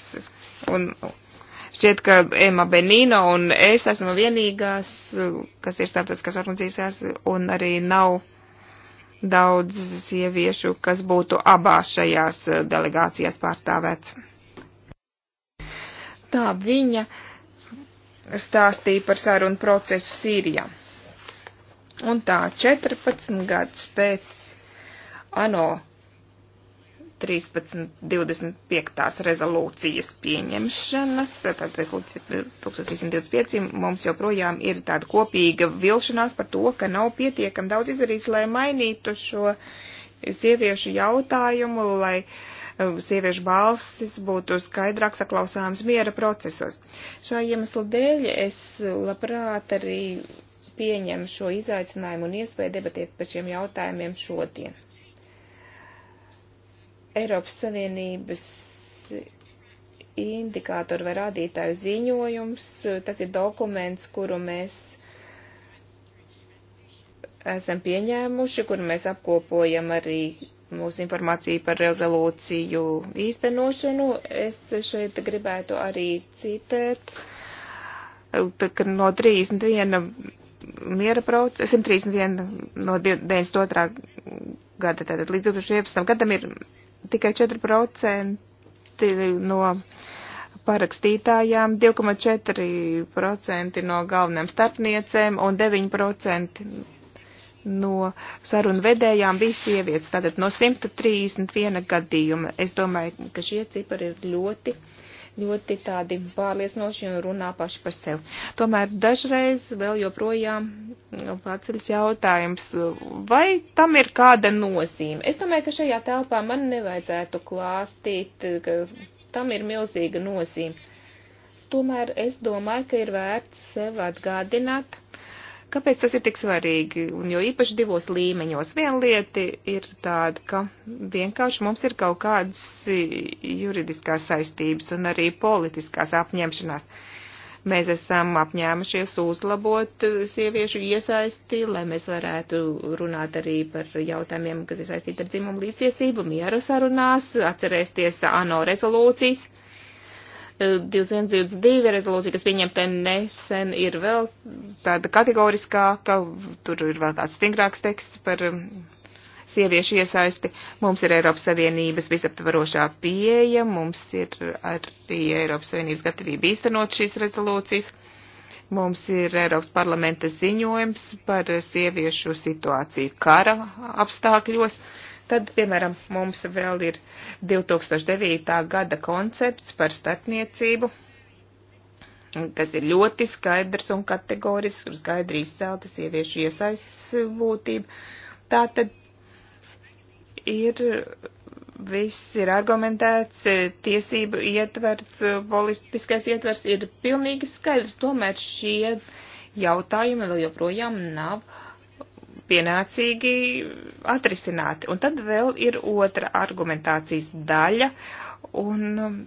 Un šķiet, ka Ema Benino un es esmu vienīgās, kas ir starptautiskās organizācijās, un arī nav daudz sieviešu, kas būtu abās šajās delegācijās pārstāvēts. Tā viņa uh, stāstīja par sarunu procesu Sīrijā. Un tā 14 gadus pēc ANO 13.25. rezolūcijas pieņemšanas, tātad rezolūcija 1325, mums joprojām ir tāda kopīga vilšanās par to, ka nav pietiekam daudz izdarīts, lai mainītu šo sieviešu jautājumu, lai uh, sieviešu balsis būtu skaidrāk saklausāms miera procesos. Šā iemesla dēļ es labprāt arī pieņemu šo izaicinājumu un iespēju debatēt par šiem jautājumiem šodien. Eiropas Savienības indikātoru vai rādītāju ziņojums, tas ir dokuments, kuru mēs esam pieņēmuši, kur mēs apkopojam arī mūsu informāciju par rezolūciju īstenošanu. Es šeit gribētu arī citēt, ka no 31 miera procesa, 131 no 92. gada, tātad līdz 2011. gadam ir tikai 4% no parakstītājām, 2,4% no galvenām starpniecēm un 9% no sarunu vedējām bija sievietes, tātad no 131 gadījuma. Es domāju, ka šie cipari ir ļoti, ļoti tādi pārliecinoši un runā paši par sevi. Tomēr dažreiz vēl joprojām paceļas jautājums, vai tam ir kāda nozīme. Es domāju, ka šajā telpā man nevajadzētu klāstīt, ka tam ir milzīga nozīme. Tomēr es domāju, ka ir vērts sev atgādināt, Kāpēc tas ir tik svarīgi? Un jo īpaši divos līmeņos. Viena lieta ir tāda, ka vienkārši mums ir kaut kādas juridiskās saistības un arī politiskās apņemšanās. Mēs esam apņēmušies uzlabot sieviešu iesaisti, lai mēs varētu runāt arī par jautājumiem, kas ir saistīti ar dzimumu līdztiesību, mieru sarunās, atcerēsties ANO rezolūcijas 2122 rezolūcija, kas pieņemta nesen, ir vēl tāda kategoriskāka, tur ir vēl tāds stingrāks teksts par um, sieviešu iesaisti. Mums ir Eiropas Savienības visaptvarošā pieeja, mums ir arī Eiropas Savienības gatavība īstenot šīs rezolūcijas. Mums ir Eiropas parlamenta ziņojums par sieviešu situāciju kara apstākļos. Uh, Tad, piemēram, mums vēl ir 2009. gada koncepts par starpniecību, kas ir ļoti skaidrs un kategorisks, kur skaidri izcelta sieviešu iesaists būtība. Tā tad ir, viss ir argumentēts, tiesību ietverts, politiskais ietvers ir pilnīgi skaidrs, tomēr šie jautājumi vēl joprojām nav uh, pienācīgi atrisināti. Un tad vēl ir otra argumentācijas daļa, un um,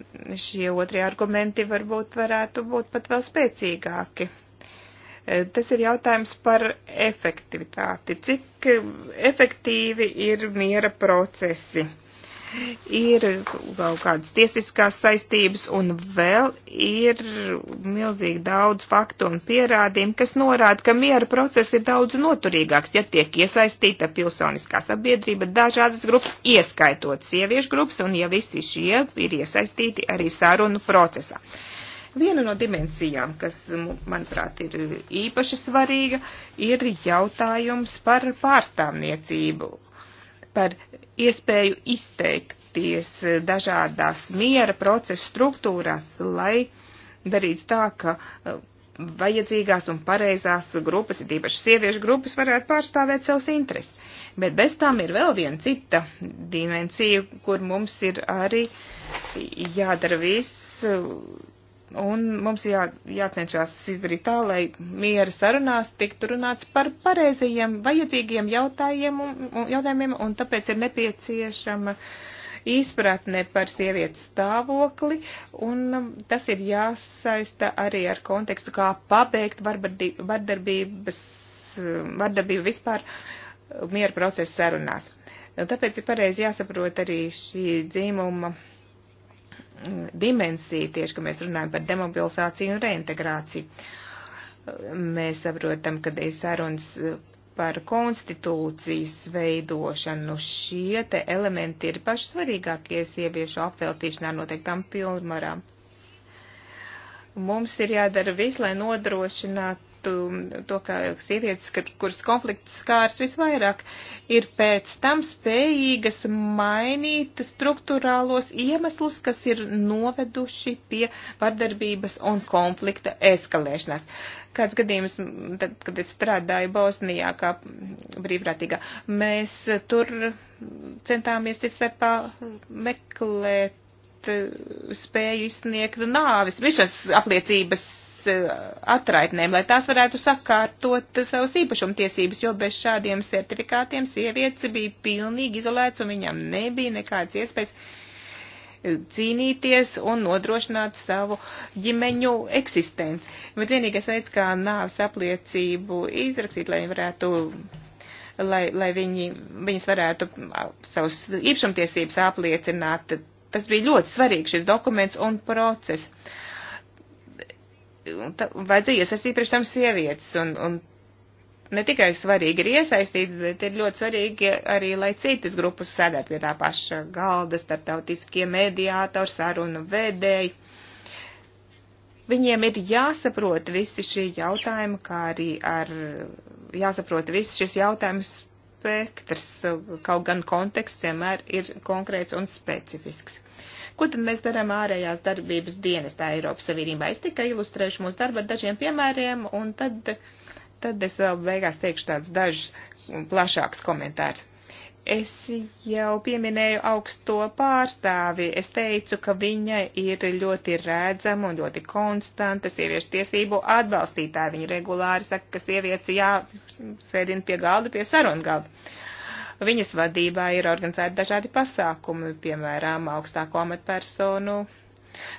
šie otrie argumenti varbūt varētu būt pat vēl spēcīgāki. E, tas ir jautājums par efektivitāti. Cik efektīvi ir miera procesi? ir vēl kādas tiesiskās saistības, un vēl ir milzīgi daudz faktu un pierādījumu, kas norāda, ka miera process ir daudz noturīgāks, ja tiek iesaistīta pilsoniskā sabiedrība dažādas grupas, ieskaitot sieviešu grupas, un ja visi šie ir iesaistīti arī sarunu procesā. Viena no dimensijām, kas, manuprāt, ir īpaši svarīga, ir jautājums par pārstāvniecību par iespēju izteikties dažādās miera procesa struktūrās, lai darītu tā, ka uh, vajadzīgās un pareizās grupas, ir īpaši sieviešu grupas, varētu pārstāvēt savus intereses. Bet bez tām ir vēl viena cita dimensija, kur mums ir arī jādara viss uh, Un mums jā, jācenšas izdarīt tā, lai miera sarunās tiktu runāts par pareizajiem, vajadzīgiem jautājumiem, jautājumiem, un tāpēc ir nepieciešama izpratne par sievietes stāvokli, un um, tas ir jāsaista arī ar kontekstu, kā pabeigt vardarbības, um, vardarbību vispār um, miera procesa sarunās. Un tāpēc ir pareizi jāsaprot arī šī dzīmuma dimensija, tieši, ka mēs runājam par demobilizāciju un reintegrāciju. Mēs saprotam, ka ir sarunas par konstitūcijas veidošanu. Šie te elementi ir paši svarīgākie sieviešu apveltīšanā noteiktām pilnvarām. Mums ir jādara viss, lai nodrošinātu to, kā sievietes, kuras konflikts skārs visvairāk, ir pēc tam spējīgas mainīt struktūrālos iemeslus, kas ir noveduši pie vardarbības un konflikta eskalēšanās. Kāds gadījums, tad, kad es strādāju Bosnijā kā brīvprātīgā, mēs tur centāmies cits starpā meklēt spēju izsniegt nāvis, višas apliecības Eh, atraitnēm, lai tās varētu sakārtot savas īpašumtiesības, jo bez šādiem certifikātiem sievietes bija pilnīgi izolēts un viņam nebija nekādas iespējas eh, cīnīties un nodrošināt savu ģimeņu eksistenci. Bet vienīgais veids, kā nāves apliecību izrakstīt, lai viņi varētu lai, lai viņi, viņas varētu savus īpašumtiesības apliecināt. Tas bija ļoti svarīgs šis dokuments un process un tā, vajadzēja iesaistīt priekš tam sievietes. Un, un ne tikai svarīgi ir iesaistīt, bet ir ļoti svarīgi arī, lai citas grupas sēdē pie tā paša galda, starptautiskie mediātori, sarunu vedēji. Viņiem ir jāsaprot visi šie jautājumi, kā arī ar jāsaprot visi šis jautājums spektrs, kaut gan konteksts vienmēr ir konkrēts un specifisks. Ko tad mēs darām ārējās darbības dienestā Eiropas Savienībā? Es tikai ilustrēšu mūsu darbu ar dažiem piemēriem, un tad, tad es vēl beigās teikšu tāds dažs plašāks komentārs. Es jau pieminēju augsto pārstāvi. Es teicu, ka viņa ir ļoti redzama un ļoti konstanta sieviešu tiesību atbalstītāja. Viņa regulāri saka, ka sievietes jāsēdina pie galda, pie sarunu galda. Viņas vadībā ir organizēti dažādi pasākumi, piemēram, augstāko amatpersonu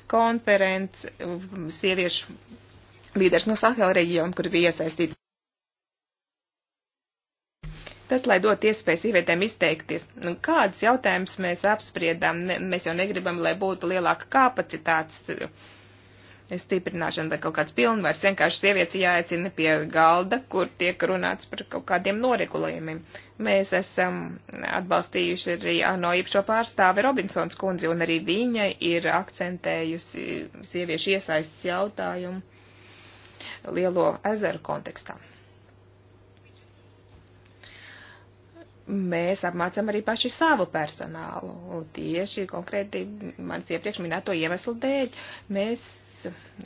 konferences, sieviešu līderis no Sahela reģiona, kur bija iesaistīts. Tas, lai dot iespēju sievietēm izteikties, nu, kādas jautājumas mēs apspriedām, ne, mēs jau negribam, lai būtu lielāka kapacitātes stiprināšana vai kaut kāds pilnvars. Vienkārši sievietes jāaicina pie galda, kur tiek runāts par kaut kādiem noregulējumiem. Mēs esam atbalstījuši arī no īpašo pārstāvi Robinsons kundzi, un arī viņa ir akcentējusi sieviešu iesaists jautājumu lielo ezeru kontekstā. Mēs apmācam arī paši savu personālu, un tieši konkrēti manis iepriekš minēto iemeslu dēļ mēs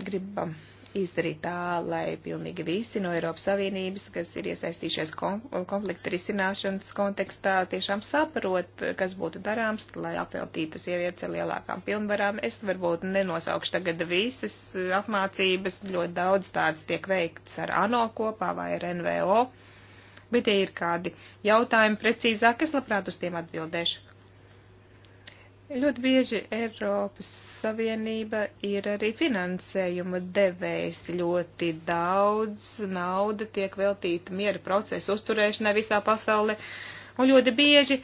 gribam izdarīt tā, lai pilnīgi visi no Eiropas Savienības, kas ir iesaistījušies konflikta risināšanas kontekstā, tiešām saprot, kas būtu darāms, lai apveltītu sievietes ar lielākām pilnvarām. Es varbūt nenosaukšu tagad visas apmācības, ļoti daudz tādas tiek veikts ar ANO kopā vai ar NVO, bet ja ir kādi jautājumi precīzāk, es labprāt uz tiem atbildēšu. Ļoti bieži Eiropas Savienība ir arī finansējuma devējs. Ļoti daudz nauda tiek veltīta miera procesu uzturēšanai visā pasaulē. Un ļoti bieži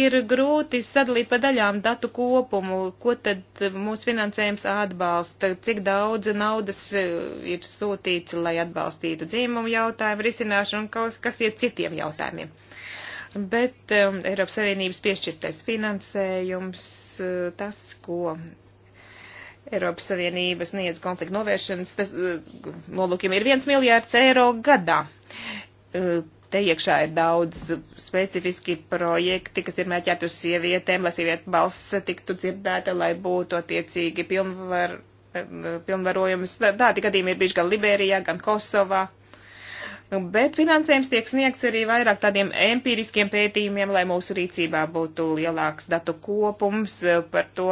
ir grūti sadalīt pa daļām datu kopumu, ko tad mūsu finansējums atbalsta, cik daudz naudas eh, ir sūtīts, lai atbalstītu dzīmumu jautājumu risināšanu un kas iet citiem jautājumiem bet um, Eiropas Savienības piešķirtais finansējums, uh, tas, ko Eiropas Savienības sniedz konfliktu novēršanas tas, uh, nolūkiem, ir viens miljārds eiro gadā. Uh, te iekšā ir daudz specifiski projekti, kas ir mēķēti uz sievietēm, lai sievietu balss tiktu dzirdēta, lai būtu attiecīgi pilnvar, um, pilnvarojums. Tādi gadījumi ir bijuši gan Liberijā, gan Kosovā. Uh, bet finansējums tiek sniegts arī vairāk tādiem empiriskiem pētījumiem, lai mūsu rīcībā būtu lielāks datu kopums eh, par to,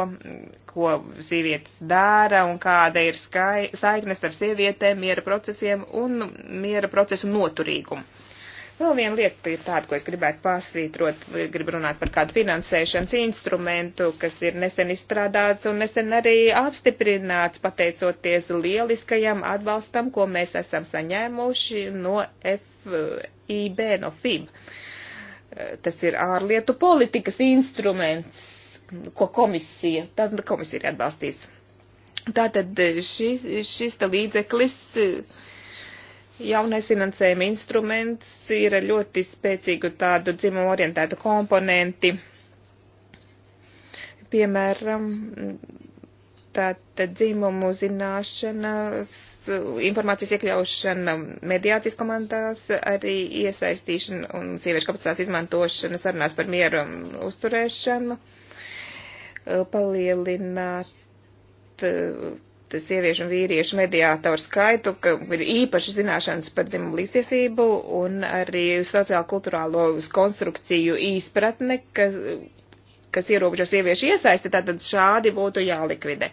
ko sievietes dara un kāda ir saiknes starp sievietēm, miera procesiem un miera procesu noturīgumu. Vēl viena lieta ir tāda, ko es gribētu pasvītrot, gribu runāt par kādu finansēšanas instrumentu, kas ir nesen izstrādāts un nesen arī apstiprināts, pateicoties lieliskajam atbalstam, ko mēs esam saņēmuši no FIB, no FIB. Tas ir ārlietu politikas instruments, ko komisija, tad komisija ir atbalstīs. Tātad šis, šis līdzeklis Jaunais finansējuma instruments ir ļoti spēcīgu tādu dzimumu orientētu komponenti. Piemēram, tāda dzimumu zināšanas, informācijas iekļaušana mediācijas komandās, arī iesaistīšana un sieviešu kapacitātes izmantošana sarunās par mieru uzturēšanu, palielināt sieviešu un vīriešu mediātoru skaitu, ka ir īpaši zināšanas par dzimumu līdztiesību un arī sociālo-kulturālo konstrukciju īspratne, kas, kas ierobežo sieviešu iesaisti, tātad šādi būtu jālikvidē.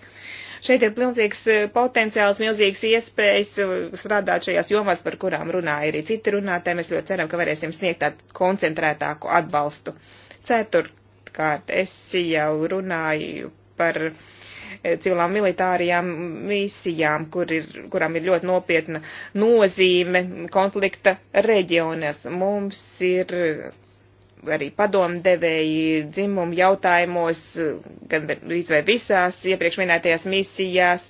Šeit ir milzīgs eh, potenciāls, milzīgs iespējas eh, strādāt šajās jomās, par kurām runāja arī citi runātāji. Mēs ļoti ceram, ka varēsim sniegt tādu koncentrētāku atbalstu. Ceturtkārt, es jau runāju par uh, Eh, civilām militārajām misijām, kur ir, kurām ir ļoti nopietna nozīme konflikta reģionas. Mums ir arī padomdevēji dzimumu jautājumos, gan vai visās iepriekš minētajās misijās.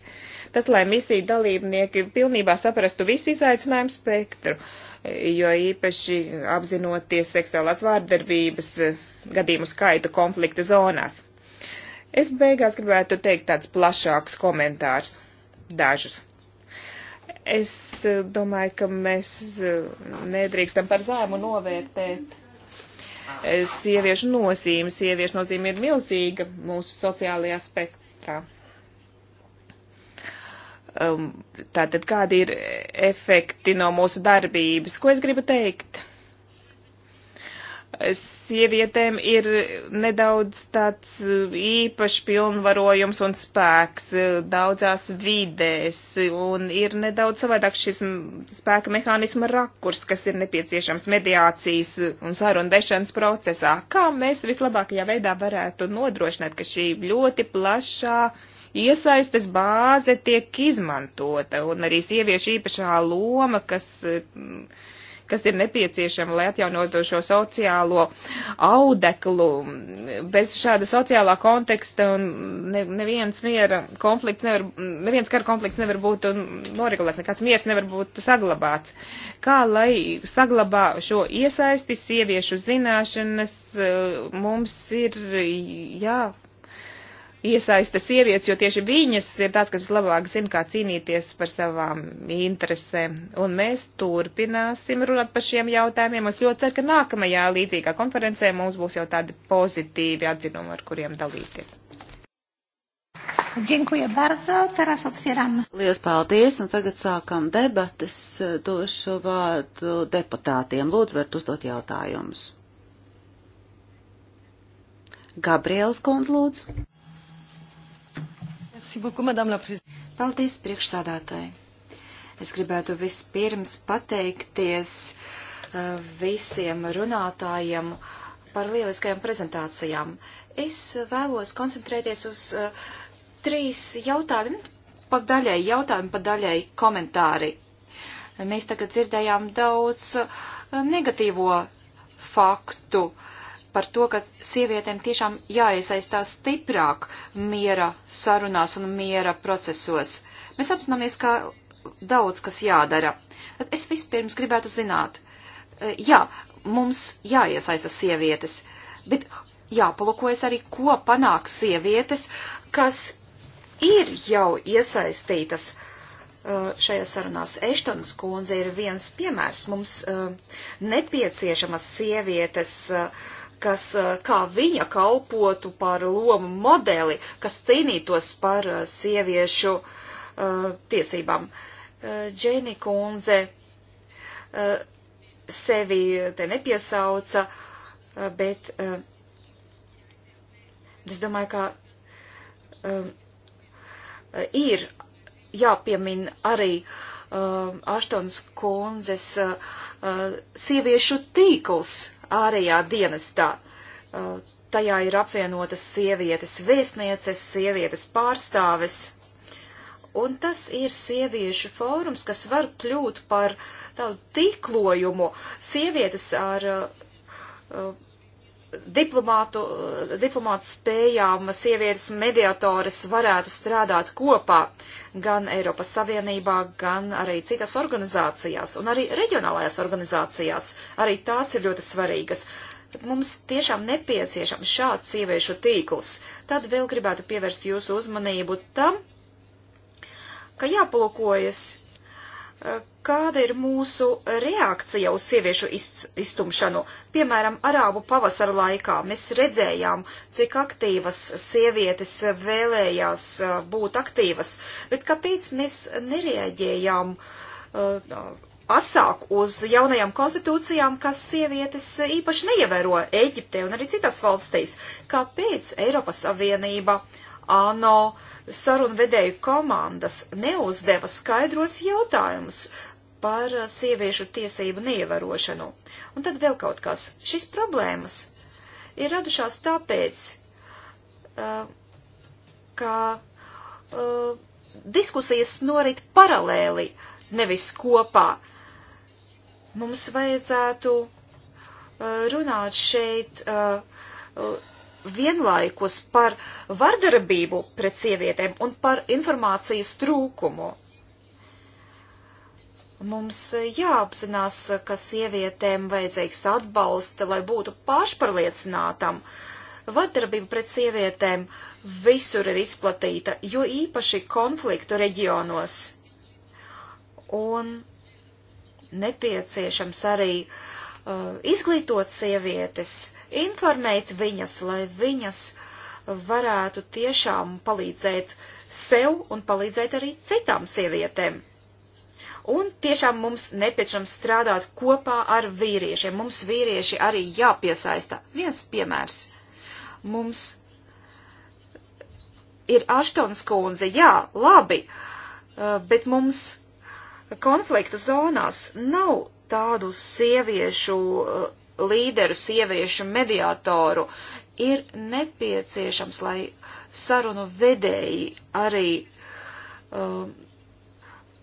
Tas, lai misiju dalībnieki pilnībā saprastu visu izaicinājumu spektru, jo īpaši apzinoties seksuālās vārdarbības eh, gadījumu skaitu konflikta zonās. Es beigās gribētu teikt tāds plašāks komentārs dažus. Es eh, domāju, ka mēs eh, nedrīkstam par zēmu novērtēt sieviešu nozīmi. Sieviešu nozīme ir milzīga mūsu sociālajā spektrā. Um, tātad kādi ir efekti no mūsu darbības? Ko es gribu teikt? sievietēm ir nedaudz tāds eh, īpašs pilnvarojums un spēks eh, daudzās vidēs, un ir nedaudz savādāk šis spēka mehānisma rakurs, kas ir nepieciešams mediācijas un sarunvešanas procesā. Kā mēs vislabākajā veidā varētu nodrošināt, ka šī ļoti plašā iesaistes bāze tiek izmantota, un arī sieviešu īpašā loma, kas. Mm, kas ir nepieciešama, lai atjaunotu šo sociālo audeklu. Bez šāda sociālā konteksta ne, neviens miera konflikts nevar, neviens kara konflikts nevar būt noregulēts, nekāds miers nevar būt saglabāts. Kā lai saglabā šo iesaisti, sieviešu zināšanas, mums ir jā iesaista sievietes, jo tieši viņas ir tās, kas labāk zina, kā cīnīties par savām interesēm. Un mēs turpināsim runāt par šiem jautājumiem. Es ļoti ceru, ka nākamajā līdzīgā konferencē mums būs jau tādi pozitīvi atzinumi, ar kuriem dalīties. Dziękuję bardzo. Teraz otwieram. Lielas paldies, un tagad sākam debatas. Došu vārdu deputātiem. Lūdzu, varat uzdot jautājumus. Gabriels Kundz, lūdzu. Paldies priekšsādātāji. Es gribētu vispirms pateikties uh, visiem runātājiem par lieliskajām prezentācijām. Es vēlos koncentrēties uz uh, trīs jautājumiem, pa daļai jautājumi, pa daļai komentāri. Mēs tagad dzirdējām daudz uh, negatīvo faktu. Uh, par to, ka sievietēm tiešām jāiesaistās stiprāk miera sarunās un miera procesos. Mēs apzināmies, ka daudz kas jādara. Tad es vispirms gribētu zināt, e, jā, mums jāiesaista sievietes, bet jāpalūkojas arī, ko panāk sievietes, kas ir jau iesaistītas e, šajās sarunās. Eštonas kundze ir viens piemērs. Mums e, nepieciešamas sievietes uh, kas eh, kā viņa kalpotu par lomu modeli, kas cīnītos par eh, sieviešu uh, tiesībām. Džēni uh, Kunze uh, sevi te nepiesauca, bet es domāju, ka ir jāpiemin arī Aštons Kunzes sieviešu tīkls ārējā dienestā. Uh, tajā ir apvienotas sievietes vēstnieces, sievietes pārstāves. Un tas ir sieviešu fórums, kas var kļūt par tādu tīklojumu sievietes ar uh, uh diplomātu, diplomātu spējām sievietes mediatoras varētu strādāt kopā gan Eiropas Savienībā, gan arī citas organizācijās un arī reģionālajās organizācijās. Arī tās ir ļoti svarīgas. Mums tiešām nepieciešams šāds sieviešu tīkls. Tad vēl gribētu pievērst jūsu uzmanību tam, ka jāpalūkojas kāda ir mūsu reakcija uz sieviešu iztumšanu. Piemēram, Arābu pavasara laikā mēs redzējām, cik aktīvas sievietes vēlējās uh, būt aktīvas, bet kāpēc mēs nereaģējām uh, asāk uz jaunajām konstitūcijām, kas sievietes īpaši neievēro Eģiptē un arī citās valstīs? Kāpēc Eiropas Savienība uh, ANO sarunvedēju komandas neuzdeva skaidros jautājumus par uh, sieviešu tiesību neievarošanu. Un tad vēl kaut kas. Šis problēmas ir radušās tāpēc, uh, ka uh, diskusijas norit paralēli, nevis kopā. Mums vajadzētu runāt šeit vienlaikus par vardarbību pret sievietēm un par informācijas trūkumu. Mums jāapzinās, ka sievietēm vajadzīgs atbalsta, lai būtu pašpārliecinātam. Vardarbība pret sievietēm visur ir izplatīta, jo īpaši konfliktu reģionos. Un nepieciešams arī uh, izglītot sievietes, informēt viņas, lai viņas varētu tiešām palīdzēt sev un palīdzēt arī citām sievietēm. Un tiešām mums nepieciešams strādāt kopā ar vīriešiem. Mums vīrieši arī jāpiesaista. Viens piemērs. Mums ir Aštons kundze, jā, labi, uh, bet mums konfliktu zonās nav tādu sieviešu uh, līderu sieviešu mediātoru ir nepieciešams, lai sarunu vedēji arī uh,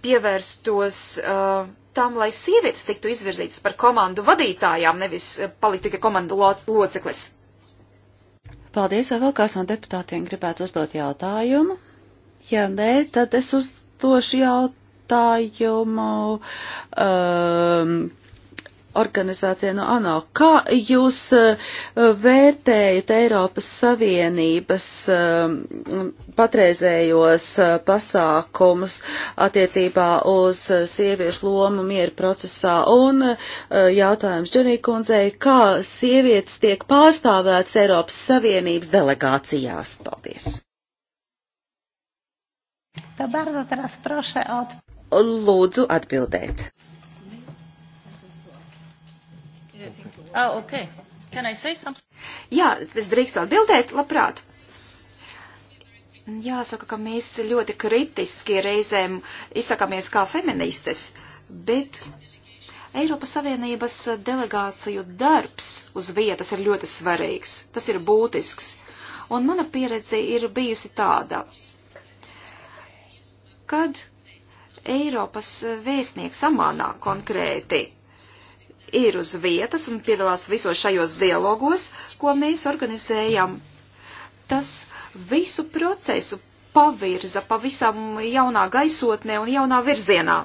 pievērstos uh, tam, lai sievietes tiktu izvirzītas par komandu vadītājām, nevis uh, palikt tikai komandu loc loceklis. Paldies, vai vēl kāds no deputātiem gribētu uzdot jautājumu? Ja nē, tad es uzdošu jautājumu. Um, organizācija no ANO. Kā jūs eh, vērtējat Eiropas Savienības eh, patreizējos eh, pasākumus attiecībā uz sieviešu lomu mieru procesā? Un jautājums Džanīkundzei, kā sievietes tiek pārstāvētas Eiropas Savienības delegācijās? Paldies! To bardzo teraz proszę o od... Lūdzu atbildēt. Oh, okay. Can I say something? Jā, es drīkstu atbildēt, labprāt. Jāsaka, ka mēs ļoti kritiski reizēm izsakāmies kā feministes, bet Eiropas Savienības delegāciju darbs uz vietas ir ļoti svarīgs. Tas ir būtisks. Un mana pieredze ir bijusi tāda, kad Eiropas vēstnieks Amānā konkrēti ir uz vietas un piedalās visos šajos dialogos, ko mēs organizējam. Tas visu procesu pavirza pavisam jaunā gaisotnē un jaunā virzienā.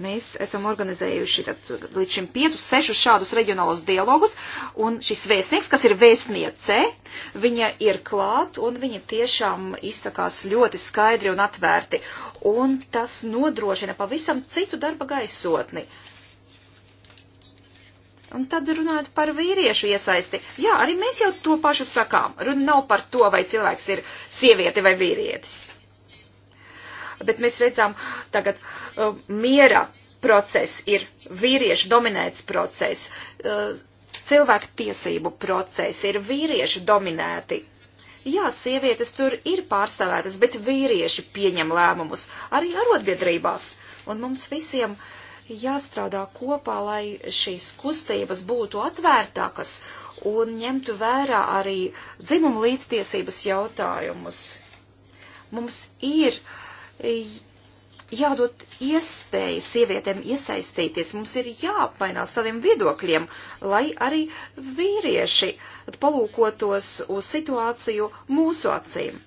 Mēs esam organizējuši tad, līdz šim piecus, sešus šādus reģionālos dialogus, un šis vēstnieks, kas ir vēstniece, viņa ir klāt, un viņa tiešām izsakās ļoti skaidri un atvērti, un tas nodrošina pavisam citu darba gaisotni. Uh, Un tad runājot par vīriešu iesaisti. Jā, arī mēs jau to pašu sakām. Runa nav par to, vai cilvēks ir sieviete vai vīrietis. Bet mēs redzam, tagad uh, miera process ir vīriešu dominēts process, uh, cilvēku tiesību process ir vīriešu dominēti. Jā, sievietes tur ir pārstāvētas, bet vīrieši pieņem lēmumus arī arotbiedrībās. Un mums visiem uh, jāstrādā kopā, lai šīs kustības būtu atvērtākas un ņemtu vērā arī dzimumu līdztiesības jautājumus. Mums ir jādod iespēju sievietēm iesaistīties, mums ir jāapmainās saviem viedokļiem, lai arī vīrieši palūkotos uz situāciju mūsu acīm.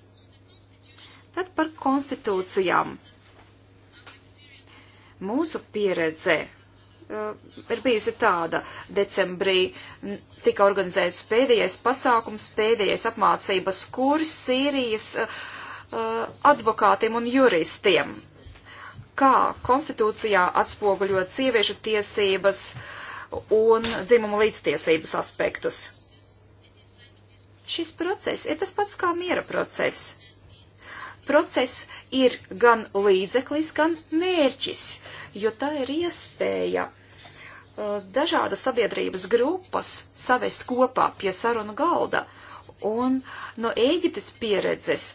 Tad par konstitūcijām. Mūsu pieredze uh, ir bijusi tāda. Decembrī tika organizēts pēdējais pasākums, pēdējais apmācības kurs Sīrijas uh, uh, advokātiem un juristiem. Kā konstitūcijā atspoguļot sieviešu tiesības un dzimumu līdztiesības aspektus. Šis process ir tas pats kā miera process process ir gan līdzeklis, gan mērķis, jo tā ir iespēja uh, dažādas sabiedrības grupas savest kopā pie sarunu galda. Un no Ēģiptes pieredzes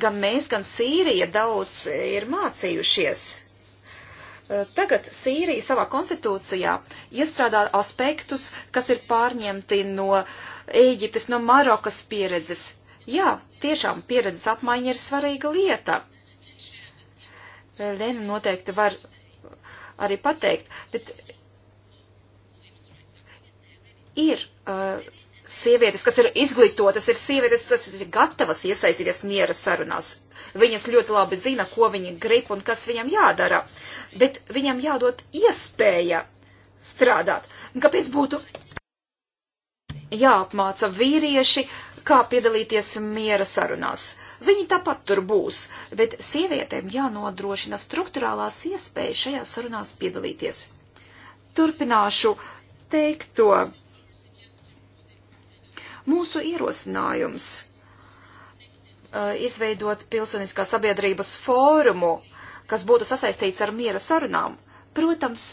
gan mēs, gan Sīrija daudz ir mācījušies. Uh, tagad Sīrija savā konstitūcijā iestrādā aspektus, kas ir pārņemti no Ēģiptes, no Marokas pieredzes. Jā, tiešām pieredzes apmaiņa ir svarīga lieta. Lena noteikti var arī pateikt, bet ir uh, sievietes, kas ir izglītotas, ir sievietes, kas ir gatavas iesaistīties miera sarunās. Viņas ļoti labi zina, ko viņi grib un kas viņam jādara, bet viņam jādod iespēja strādāt. Un kāpēc būtu jāapmāca vīrieši uh, kā piedalīties miera sarunās. Viņi tāpat tur būs, bet sievietēm jānodrošina struktūrālās iespējas šajā sarunās piedalīties. Turpināšu teikt to. Mūsu ierosinājums eh, izveidot pilsoniskā sabiedrības fórumu, kas būtu sasaistīts ar miera sarunām, protams,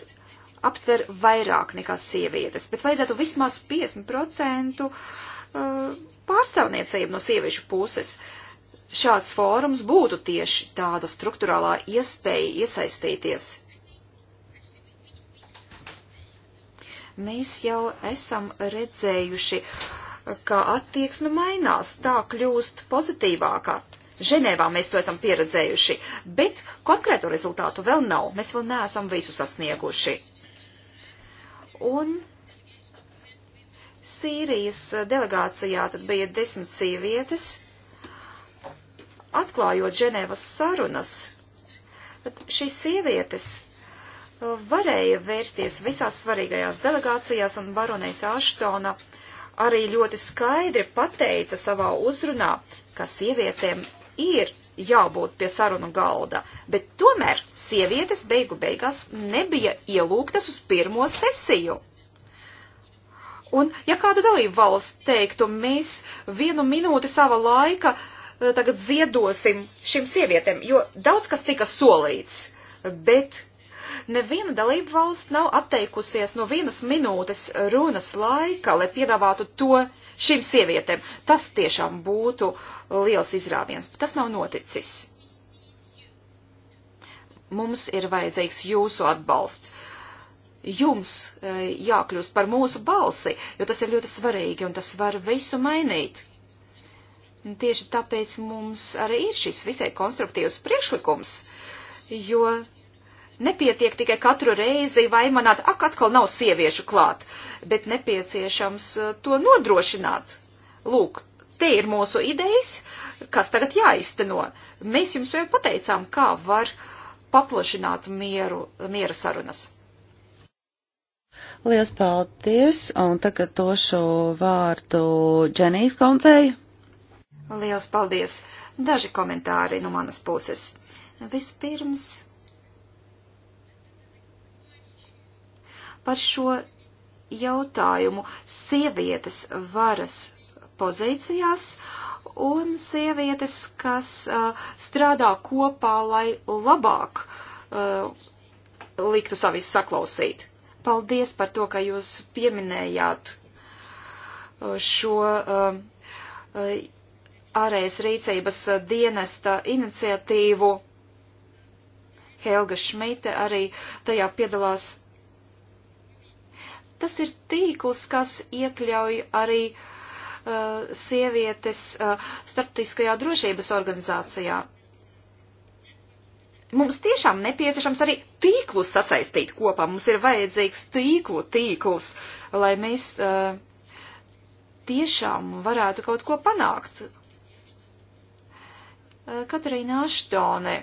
aptver vairāk nekā sievietes, bet vajadzētu vismaz 50% Uh, pārstāvniecību no sieviešu puses. Šāds fórums būtu tieši tāda struktūrālā iespēja iesaistīties. Mēs jau esam redzējuši, ka attieksme mainās, tā kļūst pozitīvākā. Ženēvā mēs to esam pieredzējuši, bet konkrēto rezultātu vēl nav, mēs vēl neesam visu sasnieguši. Un Sīrijas delegācijā tad bija desmit sievietes. Atklājot Ženēvas sarunas, šīs sievietes uh, varēja vērsties visās svarīgajās delegācijās un baronēs Aštona arī ļoti skaidri pateica savā uzrunā, ka sievietēm ir jābūt pie sarunu galda, bet tomēr sievietes beigu beigās nebija ielūgtas uz pirmo sesiju. Un ja kāda dalība valsts teiktu, mēs vienu minūti sava laika eh, tagad ziedosim šim sievietēm, jo daudz kas tika solīts, bet neviena dalība valsts nav atteikusies no vienas minūtes runas laika, lai piedāvātu to šīm sievietēm. Tas tiešām būtu liels izrāviens, bet tas nav noticis. Mums ir vajadzīgs jūsu atbalsts. Uh, jums e, jākļūst par mūsu balsi, jo tas ir ļoti svarīgi un tas var visu mainīt. Un tieši tāpēc mums arī ir šis visai konstruktīvs priekšlikums, jo nepietiek tikai katru reizi vaimanāt, ak, atkal nav sieviešu klāt, bet nepieciešams e, to nodrošināt. Lūk, te ir mūsu idejas, kas tagad jāizteno. Mēs jums jau pateicām, kā var paplašināt mieru, miera sarunas. Lielas paldies, un tagad došu vārdu Dženijas koncei. Lielas paldies! Daži komentāri no manas puses. Vispirms par šo jautājumu sievietes varas pozīcijās un sievietes, kas uh, strādā kopā, lai labāk uh, liktu savis saklausīt. Paldies par to, ka jūs pieminējāt uh, šo uh, uh, ārējas rīcības dienesta iniciatīvu. Helga Šmite arī tajā piedalās. Tas ir tīkls, kas iekļauj arī uh, sievietes uh, starptiskajā drošības organizācijā mums tiešām nepieciešams arī tīklus sasaistīt kopā. Mums ir vajadzīgs tīklu tīkls, lai mēs uh, tiešām varētu kaut ko panākt. Uh, Katarīna Aštone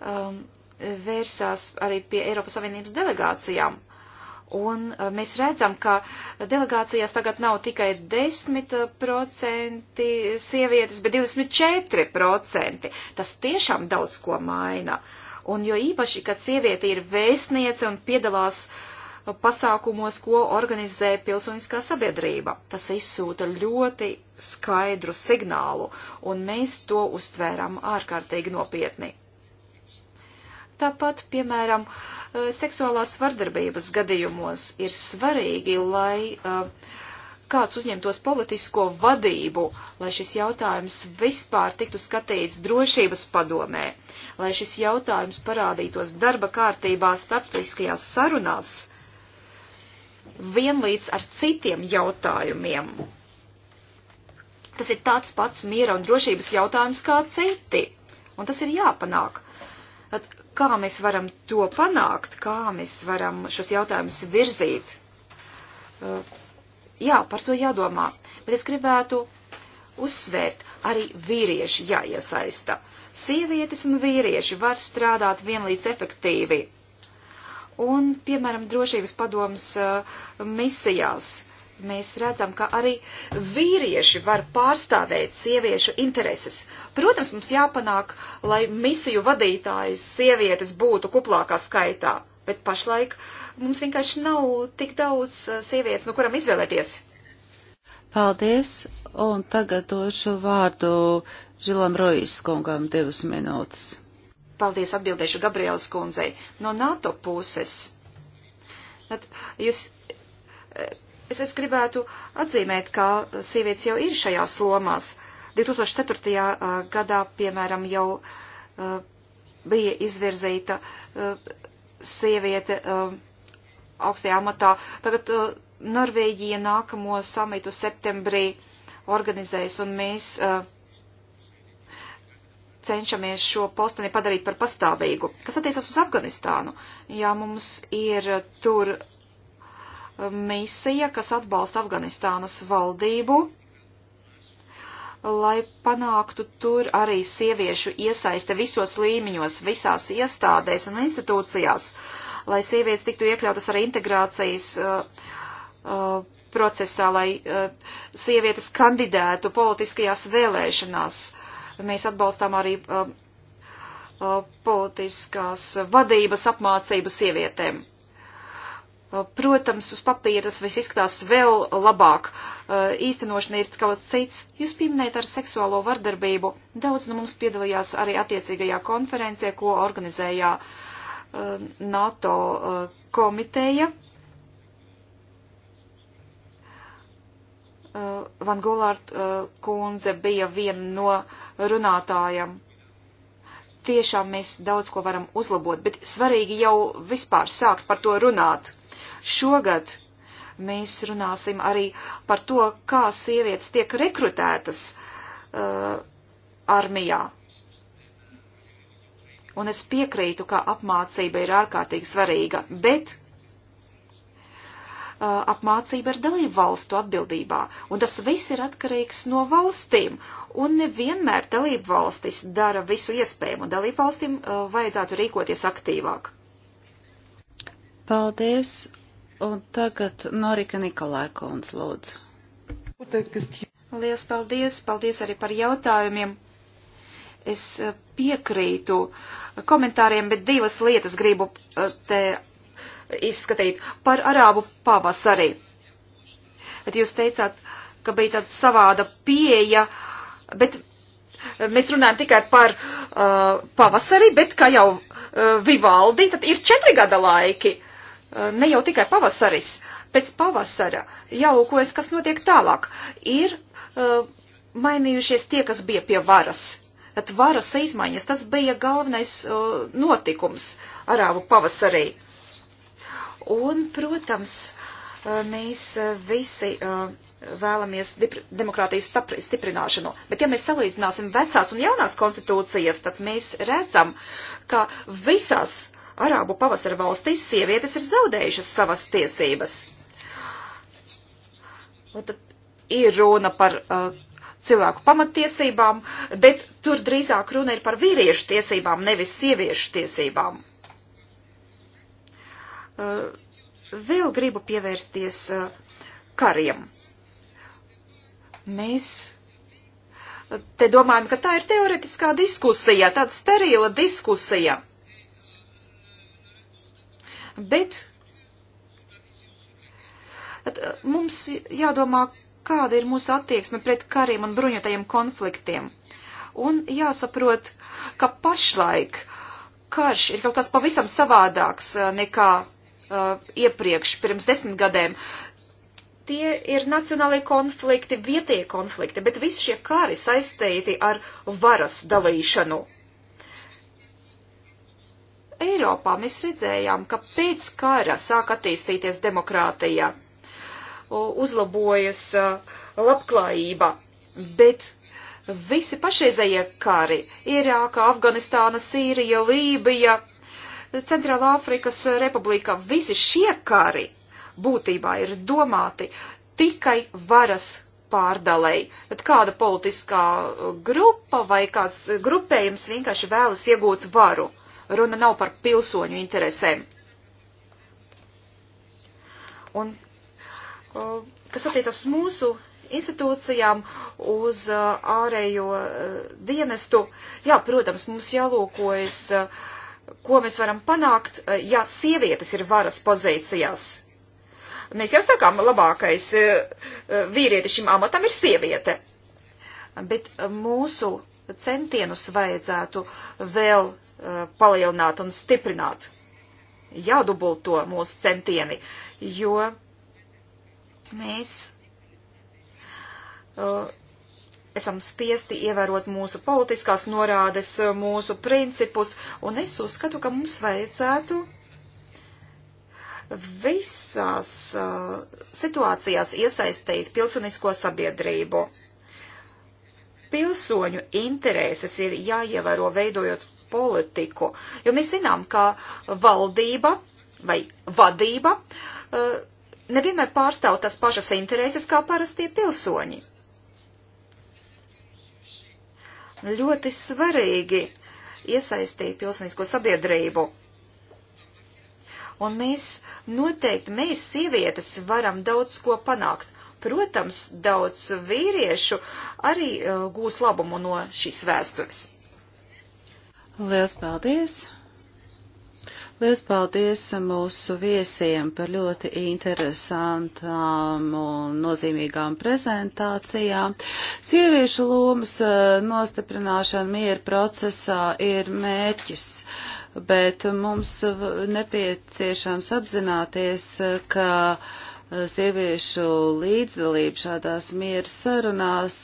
um, vērsās arī pie Eiropas Savienības delegācijām. Uh, Un e, mēs redzam, ka delegācijās tagad nav tikai 10% sievietes, bet 24%. Tas tiešām daudz ko maina. Un jo īpaši, kad sieviete ir vēstniece un piedalās e, pasākumos, ko organizē pilsoniskā sabiedrība, tas izsūta ļoti skaidru signālu, un mēs to uztvēram ārkārtīgi nopietni. Tāpat, piemēram, eh, seksuālās vardarbības gadījumos ir svarīgi, lai eh, kāds uzņemtos politisko vadību, lai šis jautājums vispār tiktu skatīts drošības padomē, lai šis jautājums parādītos darba kārtībā starptautiskajās sarunās vienlīdz ar citiem jautājumiem. Tas ir tāds pats miera un drošības jautājums kā citi, un tas ir jāpanāk. At kā mēs varam to panākt, kā mēs varam šos jautājumus virzīt. Uh, jā, par to jādomā, bet es gribētu uzsvērt, arī vīrieši jāiesaista. Sievietes un vīrieši var strādāt vienlīdz efektīvi. Un, piemēram, drošības padomas uh, misijās mēs redzam, ka arī vīrieši var pārstāvēt sieviešu intereses. Protams, mums jāpanāk, lai misiju vadītājas sievietes būtu kuplākā skaitā, bet pašlaik mums vienkārši nav tik daudz uh, sievietes, no kuram izvēlēties. Paldies, un tagad došu vārdu Žilam Rojas kungam divas minūtes. Paldies, atbildēšu Gabrielas kundzei. No NATO puses. At, jūs Es, es gribētu atzīmēt, ka sievietes jau ir šajās lomās. 2004. gadā, piemēram, jau bija izvirzīta sieviete augstajā amatā. Tagad Norvēģija nākamo samitu septembrī organizēs, un mēs cenšamies šo posteni padarīt par pastāvīgu. Kas attiecas uz Afganistānu? Jā, mums ir tur misija, kas atbalsta Afganistānas valdību, lai panāktu tur arī sieviešu iesaiste visos līmeņos, visās iestādēs un institūcijās, lai sievietes tiktu iekļautas arī integrācijas uh, uh, procesā, lai uh, sievietes kandidētu politiskajās vēlēšanās. Mēs atbalstām arī uh, uh, politiskās vadības apmācību sievietēm. Uh, protams, uz papīra tas viss izskatās vēl labāk. Uh, īstenošana ir kaut kas cits. Jūs pieminējat ar seksuālo vardarbību. Daudz no mums piedalījās arī attiecīgajā konferencē, ko organizējā uh, NATO komiteja. Van Gulārt kundze bija viena no runātājiem tiešām mēs daudz ko varam uzlabot, bet svarīgi jau vispār sākt par to runāt, Šogad mēs runāsim arī par to, kā sievietes tiek rekrutētas uh, armijā. Un es piekrītu, ka apmācība ir ārkārtīgi svarīga, bet uh, apmācība ir dalību valstu atbildībā, un tas viss ir atkarīgs no valstīm, un nevienmēr dalību valstis dara visu iespējumu, dalību valstīm uh, vajadzētu rīkoties aktīvāk. Paldies, Un tagad Norika Nikolai Kons lūdzu. Lielas paldies, paldies arī par jautājumiem. Es eh, piekrītu komentāriem, bet divas lietas gribu eh, te izskatīt par arābu pavasarī. Bet jūs teicāt, ka bija tāda savāda pieeja, bet eh, mēs runājam tikai par uh, pavasari, bet kā jau uh, Vivaldi, tad ir četri gada laiki. Uh, Eh, ne jau tikai pavasaris, pēc pavasara jālūkojas, kas notiek tālāk. Ir uh, mainījušies tie, kas bija pie varas. Tad varas izmaiņas, tas bija galvenais uh, notikums arābu pavasarī. Un, protams, uh, mēs visi vēlamies demokrātijas stiprināšanu. Bet, ja mēs salīdzināsim vecās un jaunās konstitūcijas, tad mēs redzam, ka visās Arābu pavasara valstīs sievietes ir zaudējušas savas tiesības. Un tad ir runa par uh, cilvēku pamatiesībām, bet tur drīzāk runa ir par vīriešu tiesībām, nevis sieviešu tiesībām. Uh, vēl gribu pievērsties uh, kariem. Mēs uh, te domājam, ka tā ir teoretiskā diskusija, tāda sterila diskusija. Bet uh, mums jādomā, kāda ir mūsu attieksme pret kariem un bruņotajiem konfliktiem. Un jāsaprot, ka pašlaik karš ir kaut kas pavisam savādāks uh, nekā uh, iepriekš, pirms desmit gadiem. Tie ir nacionālie konflikti, vietie konflikti, bet visi šie kari saistīti ar varas dalīšanu. Eiropā mēs redzējām, ka pēc kara sāk attīstīties demokrātija, uzlabojas labklājība, bet visi pašreizējie kari - Irāka, Afganistāna, Sīrija, Lībija, Centrāla Āfrikas Republika - visi šie kari būtībā ir domāti tikai varas pārdalēji, bet kāda politiskā grupa vai kāds grupējums vienkārši vēlas iegūt varu. Runa nav par pilsoņu interesēm. Un, kas attiecas uz mūsu institūcijām, uz ārējo dienestu, jā, protams, mums jālūkojas, ko mēs varam panākt, ja sievietes ir varas pozīcijās mēs jau sakām, labākais vīrietis šim amatam ir sieviete. Bet mūsu centienus vajadzētu vēl palielināt un stiprināt. Jādubulto mūsu centieni, jo mēs uh, esam spiesti ievērot mūsu politiskās norādes, uh, mūsu principus, un es uzskatu, ka mums vajadzētu visās uh, situācijās iesaistīt pilsonisko sabiedrību. Pilsoņu intereses ir jāievēro veidojot politiku. Jo mēs zinām, ka valdība vai vadība eh, nevienmēr pārstāv tas pašas intereses kā parastie pilsoņi. Ļoti svarīgi iesaistīt pilsonisko sabiedrību. Un mēs noteikti, mēs sievietes varam daudz ko panākt. Protams, daudz vīriešu arī uh, gūs labumu no šīs vēstures. Liels paldies! Liels paldies mūsu viesiem par ļoti interesantām un nozīmīgām prezentācijām. Sieviešu lomas eh, nostiprināšana mieru procesā ir mērķis, bet mums nepieciešams apzināties, ka eh, sieviešu līdzdalība šādās mieru sarunās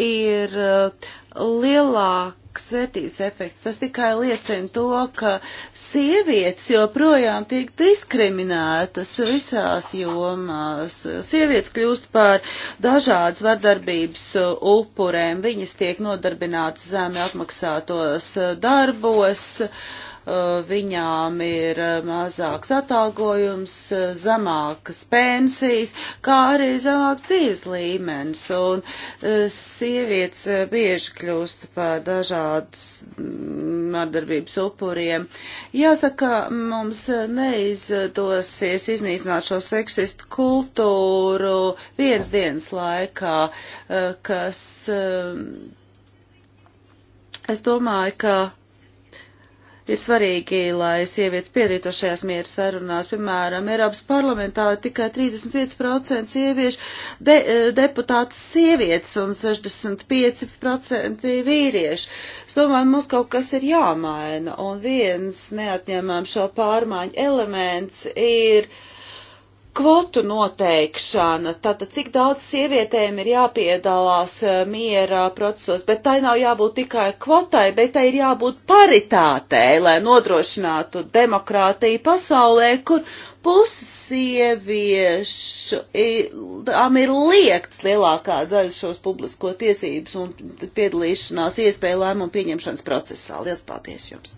ir uh, lielāks vērtības efekts. Tas tikai liecina to, ka sievietes joprojām tiek diskriminētas visās jomās. Sievietes kļūst par dažādas vardarbības upurēm, viņas tiek nodarbinātas zemi apmaksātos darbos. Uh, Eh, viņām ir eh, mazāks atalgojums, eh, zemākas pensijas, kā arī zemāks dzīves līmenis. Un sievietes bieži kļūst par dažādas mm, mardarbības upuriem. Jāsaka, mums neizdosies iznīcināt šo seksistu kultūru viens dienas laikā, kas. Es domāju, ka ir svarīgi, lai sievietes piedalītos šajās miera sarunās. Piemēram, Eiropas parlamentā tikai 35% sieviešu de, eh, deputātas sievietes un 65% vīrieši. Es domāju, mums kaut kas ir jāmaina, un viens neatņemām šo pārmaiņu elements ir kvotu noteikšana, tātad cik daudz sievietēm ir jāpiedalās eh, miera procesos, bet tai nav jābūt tikai kvotai, bet tai ir jābūt paritātei, lai nodrošinātu demokrātiju pasaulē, kur pussieviešu tam ir liekts lielākā daļa šos publisko tiesības un piedalīšanās iespēju lēmumu pieņemšanas procesā. Lielas paldies jums!